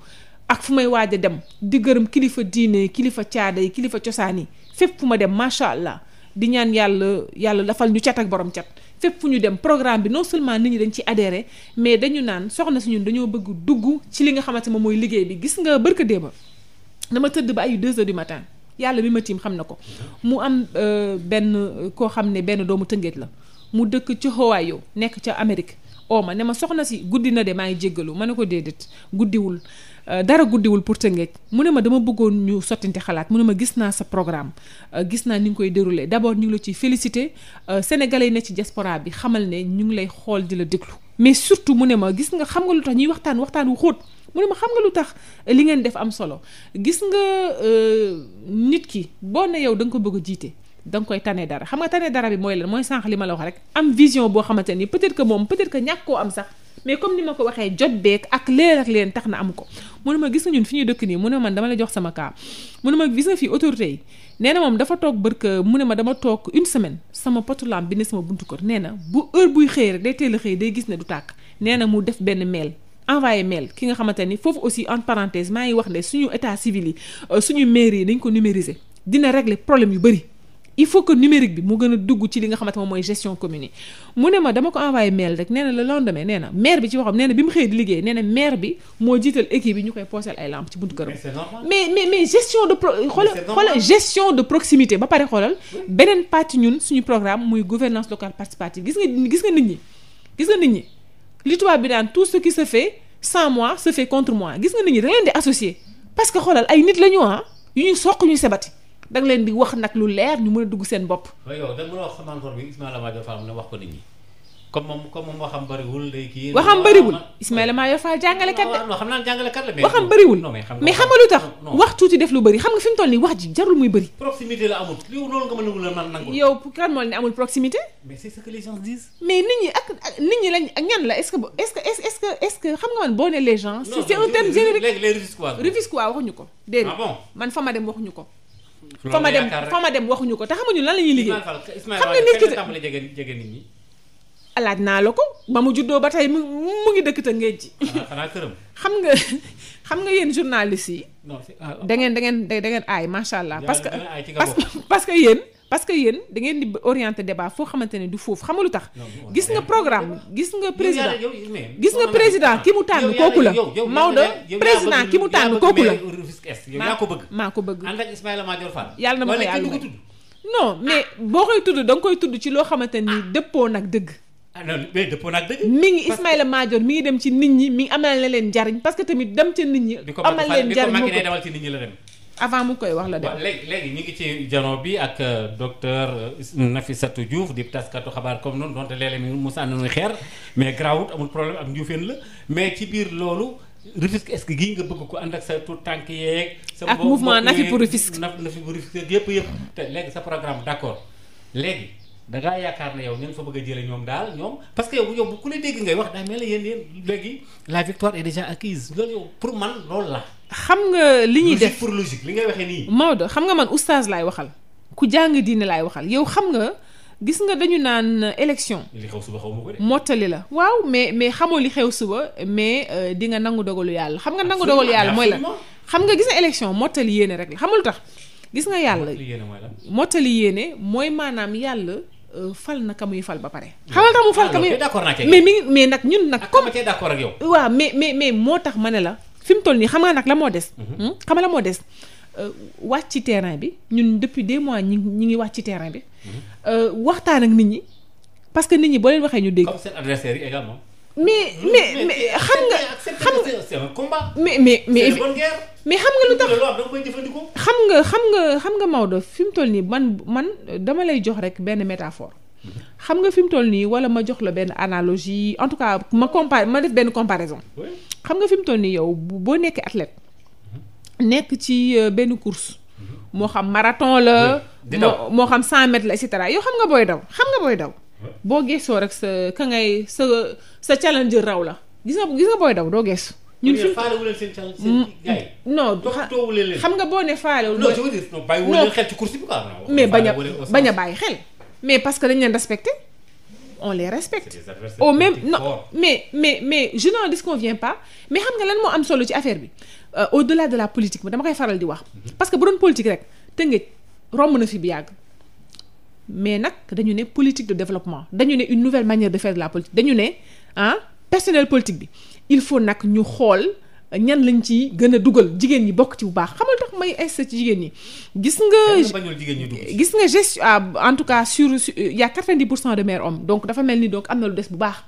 ak fu may waaj a dem di gërëm kilifa diine kilifa caada yi kilifa cosaan yi fépp fu ma dem macha allah di ñaan yàlla yàlla dafal ñu cat ak borom cat fépp fu ñu dem programme bi non seulement nit ñi dañ ci adhéré mais dañu naan soxna si ñun dañoo bëgg dugg ci li nga xamante moom mooy liggéey bi gis nga barka déeba dama tëdd ba ay deux heures du matin yàlla mi ma tiim xam na ko mu am euh, benn koo xam ne benn doomu tëngeet la mu dëkk ca Ohio nekk ca Amérique oo ma ne ma soxna si guddi na de maa ngi jéggalu ma ne ko déedéet guddiwul euh, dara guddiwul pour Tëngéej mu ne ma dama bëggoon ñu sottinte xalaat mu ne ma gis naa sa programme euh, gis naa ni nga koy déroulé d'abord ñu ngi la ciy félicité euh, sénégalais yi ne ci diaspora bi xamal ne ñu ngi lay xool di la déglu mais surtout mu ne ma gis nga xam nga lu tax ñuy waxtaan waxtaan wu xóot mu ne ma xam nga lu tax li ngeen def am solo gis nga nit ki boo ne yow da nga ko bëgg a jiite da nga koy tane dara xam nga tane dara bi mooy lan mooy sànq li ma la wax rek am vision boo xamante ni peut-être que moom peut-être que ñàkk koo am sax mais comme ni ma ko waxee jot beek ak léer ak leen tax na amu ko mu ne ma gis nga ñun fi ñuy dëkk nii mu ne man dama la jox sama cas mu ne ma nee na moom dafa toog barka mu ne ma dama toog semaine sama potu lampe bi ne nee na bu buy xëy rek day teel a xëy day gis ne du tàkk nee na mu def benn mail envoyé mail ki nga xamante ni foofu aussi en parenthèse maa ngi wax ne suñu état civil yi euh, suñu mairie yi dañ ko numériser dina réglé problème yu bëri il faut que numérique bi mu gën a dugg ci li nga xamante mooy gestion commune mu ne ma dama ko envoyé mail rek nee na le lendemain nee na maire bi ci waxam nee na bi mu xëyee di liggéey nee na maire bi moo jiital équipe bi ñu koy pooseel ay lampe ci buntu këram mais mais gestion de pro xoolal xoolal gestion de proximité ba pare xoolal beneen pàcc ñun suñu programme muy gouvernance locale participative gis nga gis nga nit ñi gis nga nit ñi li tubaab bi daan tout ce qui se fait sans moi se fait contre moi gis ay nit la ñu ah yu ñu soq ñu danga leen di wax nag lu leer ñu mën a dugg seen bopp. waaye yow da nga a wax sama encore bi yow loolu nga mën a mën a nangu. yow kan man fa ma dem waxuñu ko fa ma dem fa ma dem waxuñu ko te xamuñu lan la ñuy liggéey. xam nga nit ki tàmbali jege jege naa la ko ba mu juddoo ba tey mu mu ngi dëkk te ngéej ji. Ah, xanaa xam nga xam nga yéen journaliste yi. Ah, da ngeen da ngeen da ngeen aay macha allah. parce que parce que yéen. parce que yéen da ngeen di orienté débat foo xamante ne du foofu xamalu tax gis nga programme gis nga président gis nga président ki mu tànn kooku la Maodo président ki mu tànn kooku la maa ko bëgg yàlla na ma ko yàlla non mais ah. boo koy tudd da koy tudd ci loo xamante ni ah. ah, dëppoo nag dëgg mi ngi Ismaïla Madior mi ngi dem ci nit ñi mi ngi amal na leen njariñ parce tamit dem ca nit ñi amal leen njariñ avant mu koy wax la dem léegi ñu ngi ci jano bi ak euh, docteur euh, Nafissatou Diouf di taskatu xabaar comme noonu donte léeg-léeg mu sànni nuy xeer mais grawut amul problème ak njuufeen la mais ci biir loolu Rufisque est-ce que gii nga bëgg ko ànd ak sa tout tànk yeeg. sa ak mouvement Nafi pour Rufisque Nafi pour Rufisque yëpp yëpp te léegi sa programme d'accord léegi. dangaa yaakaar na yow ña nga fa bëgg a jëlee ñoom daal ñoom parce que yow yow bu ku la dégg ngay wax daa mel ne yéen yéen léegi la victoire est déjà acquise loolu yow pour man loolu la. xam nga li ñuy def pour logique ngay waxee nii. Maodo xam nga man oustaz laay waxal ku jàng diine laay waxal yow xam nga gis nga dañu naan élection. li xew mottali la waaw mais mais xamoo li xew suba mais euh, di nga nangu dogalu yàlla xam nga nangu dogalu yàlla mooy la. xam nga gis nga élection mottali yéene rek la xamul tax. gis nga yàlla mottali yéene mooy maanaam yàlla euh, fal na ka muy fal ba pare. xamal tax mu fal ka muy ah, mais mi mais nag ñun nag. Ah, comme d'accord ak yow. waaw mais mais mais moo tax ma ne la fi mu toll nii xam nga nag la moo des. Mhm. Hmm? xam la moo des euh, wàcc ci terrain bi ñun depuis des mois ñi ñi ngi wax ci terrain bi. Mhm. Euh, waxtaan ak nit ñi parce que nit ñi boo leen waxee ñu dégg. comme seen hmm? mais mais xam nga combat. mais mais mais xam nga lu tax da jëfandikoo. xam nga xam nga xam nga Maodo fi mu toll nii man man dama lay jox rek benn métaphore. xam nga fi mu toll nii wala ma jox la benn analogie en tout cas ma compa ma def benn comparaison. xam nga fi mu toll nii yow boo nekkee athlète. nekk ci euh, benn course. moo xam maraton la. moo moo xam 100 mètres la et cetera yow xam nga booy daw xam nga booy daw. boo geesoo rek sa ka ngay sa sa challenger raw la gis nga gis booy daw doo geesu. ñun fi faalewu leen seen challenge seen mm, mm, xam nga boo ne faalewu non je veux dire non bàyyi mais bañ a a bàyyi xel mais parce que dañ leen respecté on les respecte au même non mais mais mais je n'en disconviens pas mais xam nga lan moo am solo ci affaire bi euh, au delà de la politique ma dama koy faral di wax mhm. parce que bu doon politique rek Tëngéej romb na fi bi yàgg mais nag dañu ne politique de développement dañu ne une nouvelle manière de faire de la politique dañu ne ah personnel politique bi il faut nag ñu xool ñan lañ ci gën a dugal jigéen ñi bokk ci bu baax xamal tax may insisté ci jigéen ñi. gis nga gis nga gestion ah, en tout cas sur y' a 90 pour cent de mères hommes donc dafa mel ni donc am na lu des bu baax.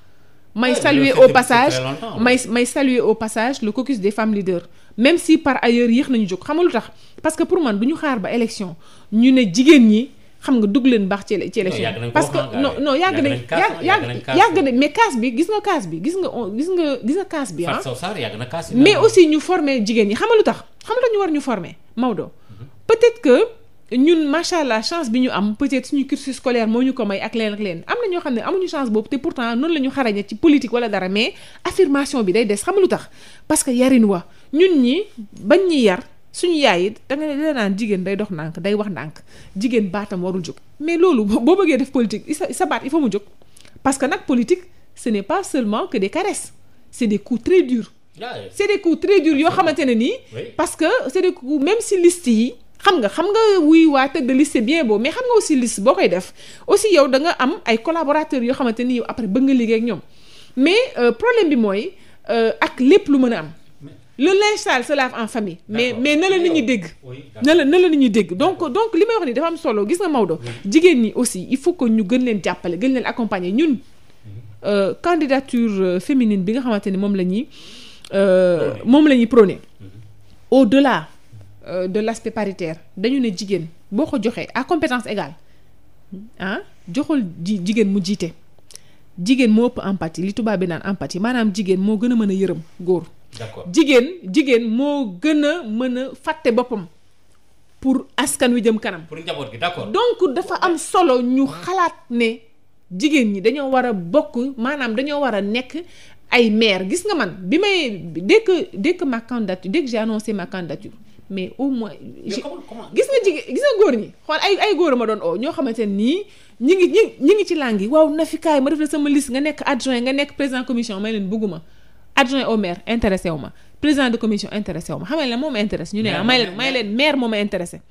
may saluer au passage may may saluer au passage le caucus des femmes leaders même si par ailleurs yéex nañu jóg xamal tax parce que pour man du ñu xaar ba élection ñu ne jigéen ñi. xam nga dugg leen baax ci ci élection parce que non non yàgg nañ yàgg yàgg nañ mais casse bi gis nga casse ah. bi mais aussi ñu former jigéen ñi xam nga lu tax xam nga ñu war ñu former Maodo mhm. peut-être que ñun macha allah chance bi ñu am peut-être suñu cursus scolaire moo ñu ko may ak leen ak leen am na ñoo xam ne amuñu chance boobu te pourtant noonu la ñu xarañe ci politique wala dara mais affirmation bi day des xam nga tax parce que yarin wa ñun ñi bañ ñi yar suñu yaay it da nga ne naan jigéen day dox ndànk day wax ndànk jigéen baatam warul jóg mais loolu boo bëggee def politique sa sa baat il faut mu jóg parce nag politique ce n'est pas seulement que des caresses c'est des coups très durs ah c'est des coups très yoo xamante ne nii parce que c'est des coups même si liste yi xam nga xam nga wuy waa tête de liste bien beau mais xam nga aussi liste boo koy def aussi yow danga nga am ay collaborateurs yoo xamante ni yow après bëgg nga liggéey ñoom mais euh, problème bi mooy euh, ak lépp lu mën a am le linge sale se en famille. mais mais na la nit ñi oh, dégg. na la na la nit ñi dégg donc donc li may wax nii dafa am solo gis nga Maodo. jigéen ñi aussi il faut que ñu gën leen jàppale gën leen accompagner ñun. Mhm. Euh, candidature euh, féminine bi nga xamante ne moom la ñuy. Euh, moom la ñuy prôné. Mhm. au delà de l' aspect paritaire dañu ne jigéen boo ko joxee à compétence égale ah joxul ji jigéen mu jiite. jigéen moo ëpp empathie li tubaab bi naan empathie maanaam jigéen moo gën a mën a yërëm góor. d'accord jigéen jigéen moo gën a mën a fàtte boppam pour askan wi jëm kanam. pour njaboot gi d'accord donc dafa am solo ñu xalaat ne jigéen ñi dañoo war a bokk maanaam dañoo war a nekk ay maire gis nga man bi may dès que dès que ma candidature dès que j'ai mais au moins. gis nga jigéen gis nga góor ñi xool ay ay góor ma doon oo ñoo xamante nii ñi ngi ñi ñi ngi ci langue yi waaw Nafi kaay ma def la sama liste nga nekk adjoint nga nekk président commission may leen bugguma adjoint au maire intéressé wu ma président de commission intéressé wu ma xam nga leen moom intéressé ah, may leen may leen maire moom intéressé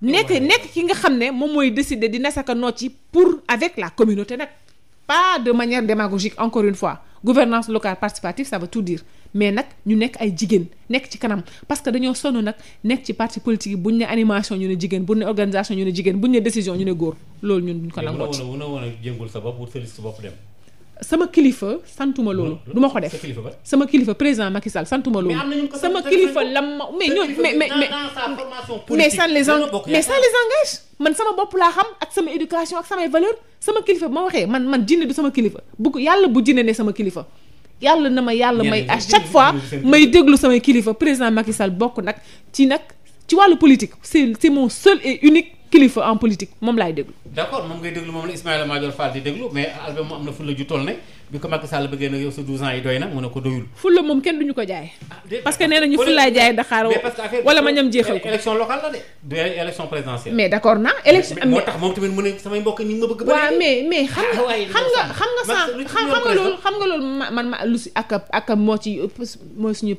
nekk nekk ki nga xam ne moom mooy décider di nasaka noot yi pour avec la communauté nag pas de manière démagogique encore une fois gouvernance locale participative ça veut tout dire mais nag ñu nekk ay jigéen nekk ci kanam parce que dañoo sonn nag nekk ci parti politique yi buñ ne animation ñu ne jigéen buñ ne organisation ñu ne jigéen buñ ñu ne góor dem. sama kilifa santuma hmm? loolu. du ko def sama kilifa président Macky Sall santuma loolu. sama kilifa lam ma mais ñooñu mais mais mais ça les mais ça les engage. man sama bopp laa xam ak sama éducation ak samay valeur sama kilifa bu ma waxee man man jinne du sama kilifa bu yàlla bu jinne ne sama kilifa. yàlla na ma yàlla may à chaque fois may déglu samay kilifa président Macky bokk nag ci nag ci wàllu politique c'est c'est mon seul et unique. kilifa en politique moom laay déglu. d' moom ngay déglu moom la Ismaïla Madior Fall di déglu mais Albé moom am na fulla ju toll ne bi ko Macky Sall bëggee na mu ne ko doyul. fulla moom kenn duñu ko jaay. Ah, parce que nee nañu fullaay jaay Dakar wala ma ñam jeexal ko. mais d' naa élection. moom tamit mu ne samay mbokk ñi nga bëgg a. waaw mais mais xam nga xam nga xam xam nga loolu xam nga loolu man ma lu si ak ak moo ci moo suñu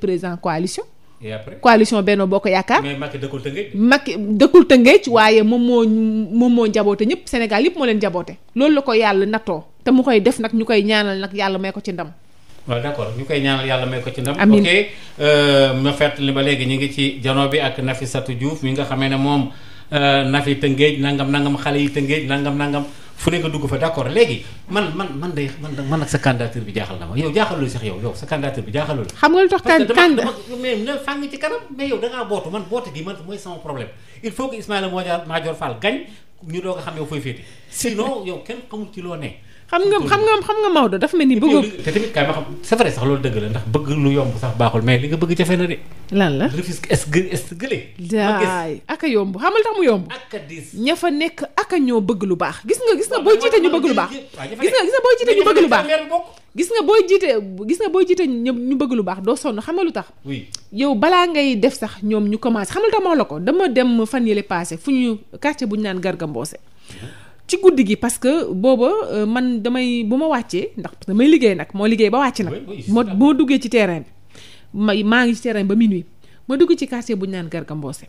et après coalition Benno Bokk Yaakaar. mais Macky dëkkul Tëngéej. Macky dëkkul Tëngéej waaye moom moo moom moo njaboote ñëpp Sénégal yëpp moo leen njaboote. loolu la ko yàlla nattoo te mu koy def nag ñu koy ñaanal nag yàlla may ko ci ndam. waaw ñu koy ñaanal yàlla may ko ci ndam. amiin ok euh, ma fàttali ba léegi ñu ngi ci jano bi ak Nafisatou Diouf mi nga xamee ne moom euh, Nafi Tëngéej nangam nangam xale yi Tëngéej nangam nangam. fu ne nga dugg fa d'accord léegi man man man day man man nag sa candidature bi jaaxal na ma yow jaaxalul sax yow yow sa candidature bi jaaxalul xam nga lu tax kan kan mais ne fàng ci kanam mais yow da ngaa bootu man boote gi man mooy sama problème il faut que Ismaïla Madior Fall gañ ñu doog a xam yow fooy féete sinon yow kenn xamul ci loo ne xam nga xam nga xam nga Maodo dafa mel ni bëgg. te tamit kaay ma xam c'est vrai sax loolu dëgg la ndax bëgg lu yomb sax baaxul mais li nga bëgg jafe na de. lan la Rufisque est gë est gële. daay ak a yomb xamal tax mu yomb. a diis ña fa nekk ak a ñoo bëgg lu baax gis nga gis nga booy jiite ñu bëgg lu baax. gis nga gis nga booy jiite ñu bëgg gis nga booy jiite ñu bëgg lu baax doo sonn xamalu tax. yow balaa ngay def sax ñoom ñu commencé xamal tax moo la ko dama dem fan yële passé fu ñu quartier bu ñu naan Garga Mbossé mhm. ci guddi gi parce que booba euh, man damay bu ma wàccee ndax damay liggéey nag moo liggéey ba wàcc nag. moo duggee ci terrain bi. may maa ngi ci terrain ba minuit ma dugg ci quartier bu ñu naan Garga Mbossé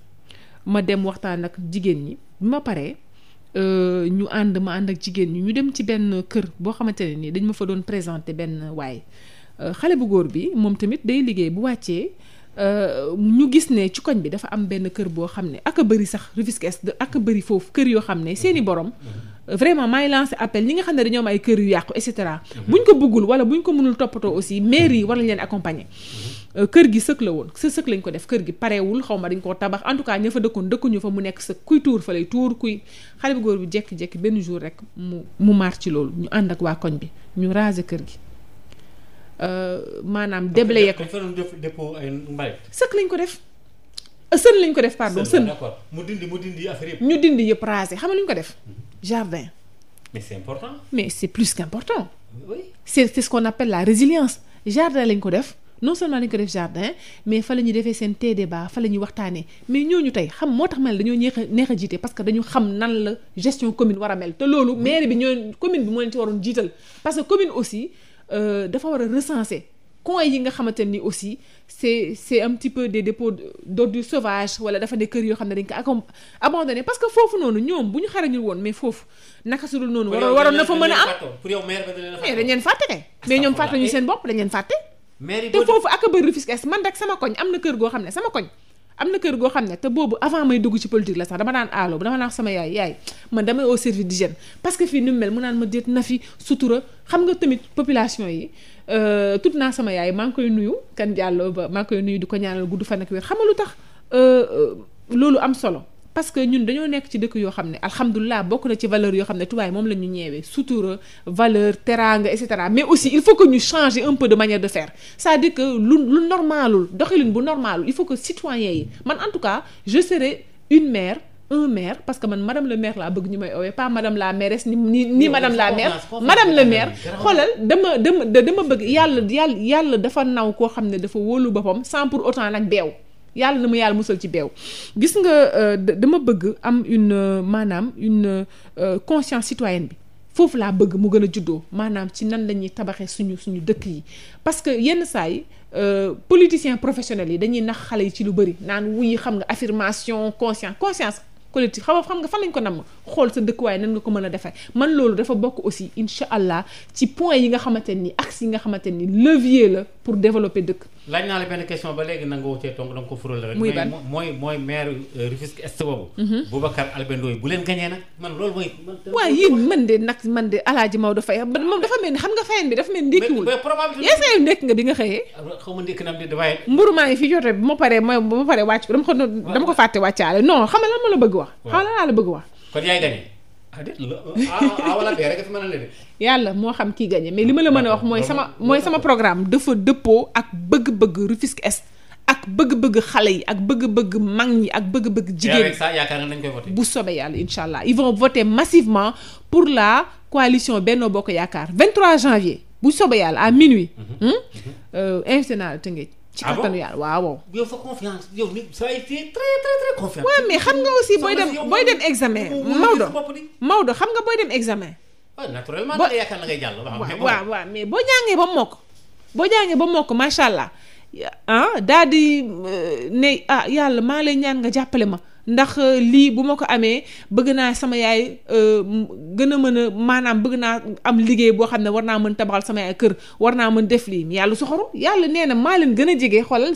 ma dem waxtaan ak jigéen ñi bi ma paree euh, ñu ànd ma ànd ak jigéen ñi ñu dem ci benn kër boo xamante ne nii dañ ma fa doon présenté benn waay euh, xale bu góor bi moom tamit day liggéey bu wàccee. Euh, ñu gis ne ci koñ bi dafa am benn kër boo xam ne ak bëri sax Rufisque ak a bëri foofu kër yoo xam ne seeni borom mm-hmm. vraiment maay lancé appel ñi nga xam ne dañoo am ay kër yu yàqu et cetera mm-hmm. buñ ko bëggul wala buñ ko mënul toppatoo aussi maire yi war nañ leen accompagner mm-hmm. euh, kër gi sëkk la woon sa sëkk lañ ko def kër gi pareewul xaw ma dañ ko tabax en tout cas ña fa dëkkoon dëkkuñu fa mu nekk sëkk kuy tuur fa lay tuur kuy xale bu góor bi jekki-jekki benn jour rek mu mu maar loolu ñu ànd ak waa koñ bi ñu raser kër gi Euh, maanaam déblayer ko. sëkk lañ ko def. Euh, sën lañ ko def pardon sën. mu dindi mu dindi affaire yëpp. ñu dindi yëpp raser xam nga ñu ko def. Mhm. jardin. mais c'est important. mais c'est plus qu'important. oui c'est c'est ce qu'on appelle la résilience jardin lañ ko def. non seulement dañ ko def jardin mais fa la ñuy defee seen thé débat fa la ñuy waxtaanee mais ñooñu tey xam moo tax ma ne dañoo neex a neex a jiite parce que dañu xam nan la gestion commune war a mel te loolu. mairie bi ñoo commune bi moo leen ci waroon Euh, dafa war a recenser coins yi nga xamante ni aussi c'est c'est un petit peu des dépôts d'ordure sauvage wala dafa ne kër yoo xam ne dañ ko abandonné parce que foofu noonu ñoom bu ñu xarañul woon mais foofu naka su dul noonu. waroon waroon na fa mën a am pour yow maire mais dañ leen fàtte de. mais ñoom fàtte ñu seen bopp dañ leen fàtte. te foofu ak a bëri Rufisque man rek sama koñ am na kër goo xam ne sama koñ. am na kër goo xam ne te boobu avant may dugg ci politique la sax dama daan aalo dama naan sama yaay yaay man damay au service d'hygiène parce que fii ni mu mel mu naan ma déet na fi sutura xam nga tamit population yi euh, tut naa sama yaay maa ngi koy nuyu kan jàlloo ba maa ngi koy nuyu di ko ñaanal gudd fan ak wér xam nga lu tax euh, euh, loolu am solo parce que ñun dañoo nekk ci dëkk yoo xam ne alhamdulilah bokk na ci valeur yoo xam ne tubaab yi moom la ñu ñeewee sutura valeur teraanga et mais aussi il faut que ñu changer un peu de manière de faire cest à lu lu normalul bu normalul il faut que citoyens yi man en tout cas je serai une mère un maire parce que man madame le maire laa bëgg ñu may oowee pas madame la mairesse ni ni ni madame la maire madame le maire xoolal dama dama dama bëgg yàlla yàlla yàlla dafa naw koo xam ne dafa wóolu boppam sans pour autant nag beew yàlla na ma yàlla musal ci beew gis nga euh, dama bëgg am une euh, maanaam une euh, conscience citoyenne bi foofu laa bëgg mu gën a juddoo maanaam ci nan la ñuy tabaxee suñu suñu dëkk yi parce que yenn saa yi politiciens professionnels yi dañuy nax xale yi ci lu bëri naan wuyi xam nga affirmation conscience conscience collectif xam xam nga fan lañ ko namm xool a bi dafa mel ni ndékkiwul. mais mais probablement nga bi nga xëyee. Euh, mburu maa ngi fi jotee bu ma paree ma ma paree wàcc ko dama ko fàtte wàccaale non xam nga ma la bëgg wax wax. waaw la bëgg wax. kon la gagné. ah, ah, ah, ah wala fi mën a leen yàlla moo xam kii gagné mais li ma la mën a wax mooy sama mooy sama programme dafa dëppoo ak bëgg-bëgg Rufisque Est ak bëgg-bëgg xale yi ak bëgg-bëgg mag ñi ak bëgg-bëgg. jigéen ñi bu sobee yàlla incha allah ils vont voter massivement pour la coalition Benno Bokk Yaakaar 23 janvier bu sobee yàlla à minuit. Mhm. Hmm? Mhm. Euh, invité naa la Tëngéej ci kattanu yàlla waaw. yow sa yow ni ça y fait mais xam nga aussi booy dem booy dem examen. Maodo Maodo xam nga booy dem examen. waaw naturellement da nga yaakaar na ngay waaw waaw mais boo jàngee ba mokk. boo jàngee ba mokk macha allah ah daa di euh, ne ah yàlla maa lay ñaan nga jàppale ma. ndax euh, lii bu ma ko amee bëgg naa sama yaay euh, gën a mën a maanaam bëgg naa am liggéey boo xam ne war naa mën tabaxal sama yaay kër war naa mën def lii yàlla soxoru yàlla nee na maa leen gën a jege xoolal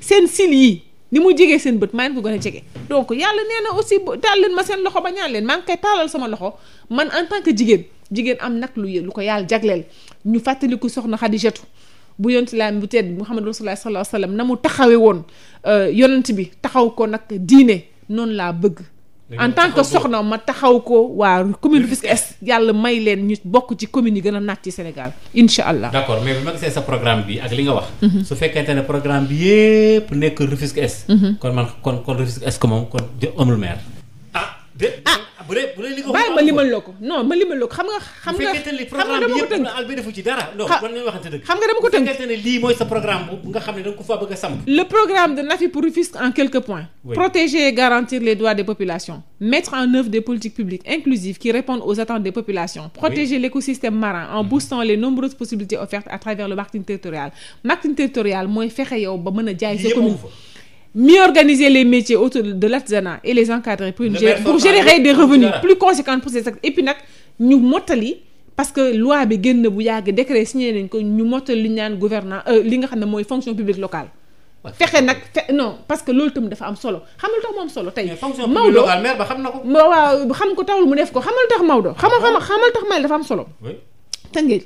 seen sil yi ni mu jegee seen bët maa ko gën a jege donc yàlla nee na aussi taal leen ma seen loxo ba ñaan leen maa ngi koy taalal sama loxo man en tant que jigéen jigéen am nag lu lu ko yàlla jagleel ñu fàttaliku soxna Xadijatu bu yonent laa bu tedd Muhammad Rasulullah sallallahu alayhi wa sallam na mu taxawe woon euh, yonant bi taxaw ko nag diine noonu laa bëgg en tant que soxna ma taxaw ko waa commune Rufisque Est yàlla may leen ñu bokk ci commune yi gën a naat ci Sénégal incha allah d'accord mais bi ma gisee sa programme bi ak li nga wax mhm. su fekkente ne programme bi yépp nekk Rufisque Est mhm. kon man kon kon ko moom kon amul maire ah bu dee bu dee li nga bàyyi ma limal la ko non ma limal la ko xam nga. xam nga xam nga mooy sa programme bu le programme de Nafi pour en quelques points. protéger garantir les droits des populations. mettre en œuvre des politiques publiques inclusives qui répondent aux attentes des populations. protéger l'écosystème marin en mhm. boostant les nombreuses possibilités offertes à travers le marketing territorial. marketing territorial mooy fexe yow ba mën a jaay sa commune mieux organiser les métiers autour de l'artisanat et les encadrer pour, une gérer, pour générer des revenus plus conséquents pour ces actes et nag ñu mottali parce que loi bi génn bu yàgg décret signé nañ ko ñu mottali li ñu naan gouvernant euh, li nga xam ne mooy fonction publique locale. fexe nag fe non parce que loolu tam dafa am solo xamal tax mu solo tey. Maodo maire ba xam na ko. waaw xam ko tawul mu def ko xamal tax Maodo. xamal ah. xamal tax Maodo dafa am solo. oui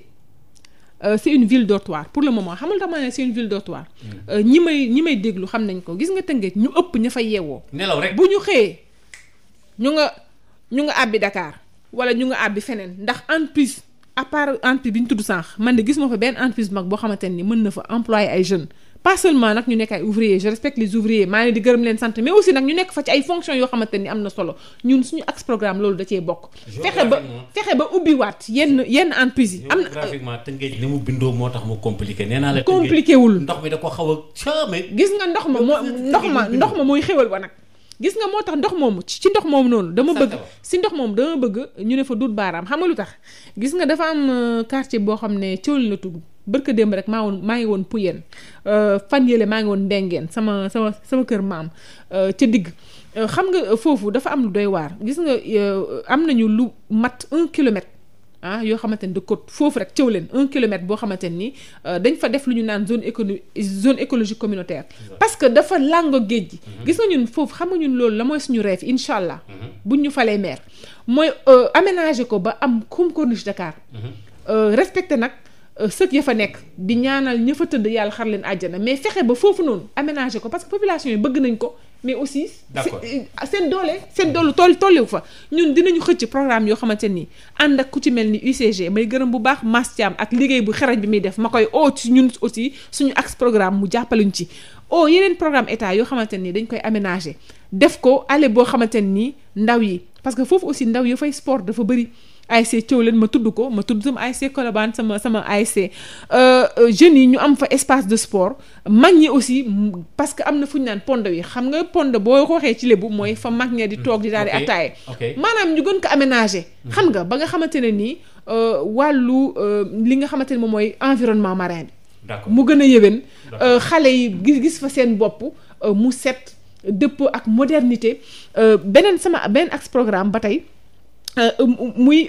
Euh, c' est une ville dortoir pour le moment xamul tax ma ne c' est une ville dortoir hmm. euh, ñi may ñi may déglu xam nañ ko gis nga Tëngéej ñu ëpp ña fay yeewoo. nelaw bu ñu xëyee ñu nga ñu nga àbbi dakaar wala ñu nga àbbi feneen ndax entreprise à part entreprise bi ñu tudd sànq man de gis ma fa benn entreprise mag boo xamante ne mën na fa employé ay jeunes. pas seulement nag ñu nekk ay ouvrier je respecte les ouvriers maa ngi di gërëm leen sant mais aussi nag ñu nekk fa ci ay fonctions yoo xamante ni am na solo ñun suñu axe programme loolu da cee bokk. fexe ba fexe ba ubbiwaat yenn yenn entreprises yi. am na géographiquement Tëngéej ni mu bindoo moo tax mu compliqué nee naa la. compliqué wul ndox mi da ko xaw a gis nga ndox ma moo ndox ma ndox ma mooy xéwal ba nag. gis nga moo tax ndox moomu ci ndox moomu noonu dama bëgg si ndox moom dama bëgg ñu ne fa duut baaraam xam lu tax gis nga dafa am euh, quartier boo xam ne Thion la tudd bërka démb rek maa woon maa ngi woon Puyeen euh, fan yële maa ngi woon Ndengeen sama sama sama kër maam euh, ca digg euh, xam nga foofu dafa am lu doy waar gis nga am nañu lu mat un kilomètre ah yoo xamante ni de côte foofu rek cëw leen un kilomètre boo xamante ni dañ fa def lu ñu naan zone écono zone écologique communautaire. parce que dafa làngo géej gi. Mm-hmm. gis nga ñun foofu xam nga ñun loolu la mooy suñu rêve incha allah. Mm-hmm. buñ ñu falee maire mooy aménager ko ba am comme corniche Dakar. Mm-hmm. respecté nag. Euh, sët ya fa nekk di ñaanal ñëfa tëdd yàlla xar leen àjjana mais fexe ba foofu noonu aménager ko parce que population yi bëgg nañ ko mais aussi euh, seen doole seen doole tool tollewu fa ñun dinañu xëcc programme yoo xamante nii ànd ak ku ci mel ni UCG may gërëm bu baax Mass Thiam ak liggéey bu xarañ bi muy def ma koy oo ci ñun aussi suñu axe programme mu jàppaluñ ci oo yeneen programme état yoo xamante nii dañ koy aménager def ko ale boo xamante nii ndaw yi parce que foofu aussi ndaw ya fay sport dafa bëri ASC Thiawlène ma tudd ko ma tudd sama ASC Colobane sama sama ASC euh, euh, jeunes yi ñu am fa espace de sport mag ñi aussi parce que am na fu ñu naan pond yi xam nga pond boo ko waxee ci lébu mooy fa mag ña di toog di daal di mm, attaaye maanaam ñu gën ko aménager mm. xam nga ba nga xamante ne nii euh, wàllu li nga xamante ne moom mooy environnement marin bi mu gën a yëwén xale yi gis gis fa seen bopp mu set dëpp ak modernité beneen sama benn axe programme ba tey muy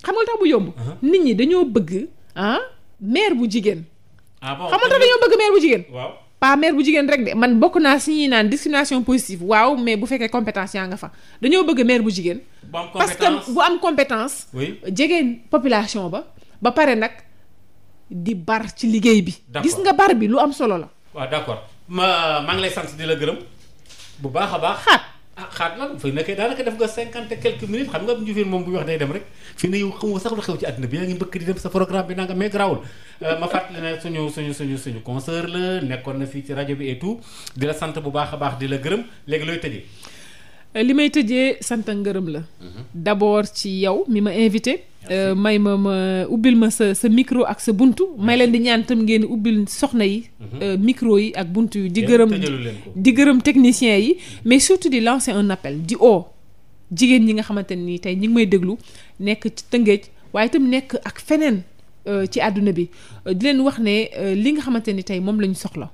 xam nga tax bu yomb. Uh-huh. nit ñi dañoo bëgg ah mère bu jigéen. ah bon xam nga tax dañoo bëgg mère bu jigéen. waaw pas bu jigéen rek de man bokk naa si ñuy naan discrimination positive waaw mais bu fekkee compétence yaa nga fa dañoo bëgg mère bu jigéen. parce que bu am compétence. oui jege population ba ba pare nag di bar ci liggéey bi. gis nga bar bi lu am solo la. waaw d'accord ma maa ngi lay sant di la gërëm bu baax a baax. ah xaat lan fi nekkee daanaka def nga cinquante quelques minutes xam nga Ndioufène moom bu wax day dem rek fi ne yow xamoo sax lu xew ci àddina bi yaa ngi mbëkk di dem sa programme bi nanga mais grawul euh, ma fàttali ne suñu suñu suñu suñu concert la nekkoon na fii ci rajo bi et tout di la sant bu baax a baax di la gërëm léegi looy tëjee. Euh, li may tëjee sant ngërëm la. Mhm. d'abord ci yow mi ma invité. Euh, may ma ma ubbil ma sa sa micro ak sa buntu may leen di ñaan tam ngeen ubbil soxna yi. Mhm. Euh, micro yi ak buntu yi di gërëm di gërëm technicien yi. Mhm. mais surtout di lancer un appel di oo jigéen ñi nga xamante ne nii tey ñi ngi may déglu nekk ci Tëngéej waaye tam nekk ak feneen euh, ci àdduna bi di leen wax ne li nga xamante ni tey moom lañu ñu soxla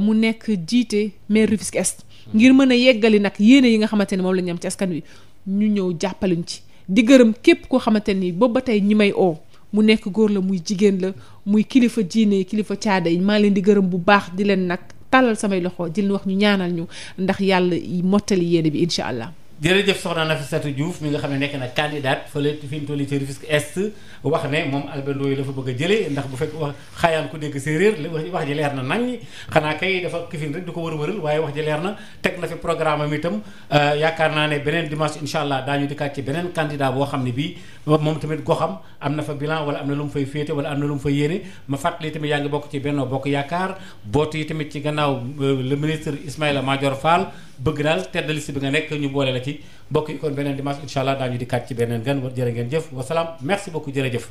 mu nekk jiite maire Rufisque Est mhm. ngir mën a yeggali nag yéene yi nga xamante ne moom la ñu am ci askan wi ñu ñëw jàppaluñ ci. di gërëm képp koo xamante nii boobu ba tey ñi may oo mu nekk góor la muy jigéen la muy kilifa diine kilifa caada yi maa leen di gërëm bu baax di leen nag tàllal samay loxo di leen wax ñu ñaanal ñu ndax yàlla mottali yéene bi incha allah jërëjëf soxna na Nafissatou Diouf mi nga xam ne nekk na candidate fële fi ñu tolli ci Rufisque Est wax ne moom Albert Ndoye la fa bëgg a jëlee ndax bu fekk wax xaayaan ku dégg séeréer wax ji leer na nañ xanaa kay dafa kifin rek di ko wër-wëral waaye wax ji leer na teg na fi programme am itam euh, yaakaar naa ne beneen dimanche incha allah daañu dikkaat ci beneen candidat boo xam ne bii moom tamit goxam am na fa bilan wala am na lu mu fay féete wala am na lu mu fay yéene ma fàttali tamit yaa ngi bokk ci Benno Bokk boot yi tamit ci gannaaw euh, le ministre Ismaïla Madior Fall bëgg daal tedd liste bi nga nekk ñu boole la ci mbokk yi kon beneen dimanche incha allah daañu di kat ci beneen gan jërë ngeen jëf wasalaam merci beaucoup jërëjëf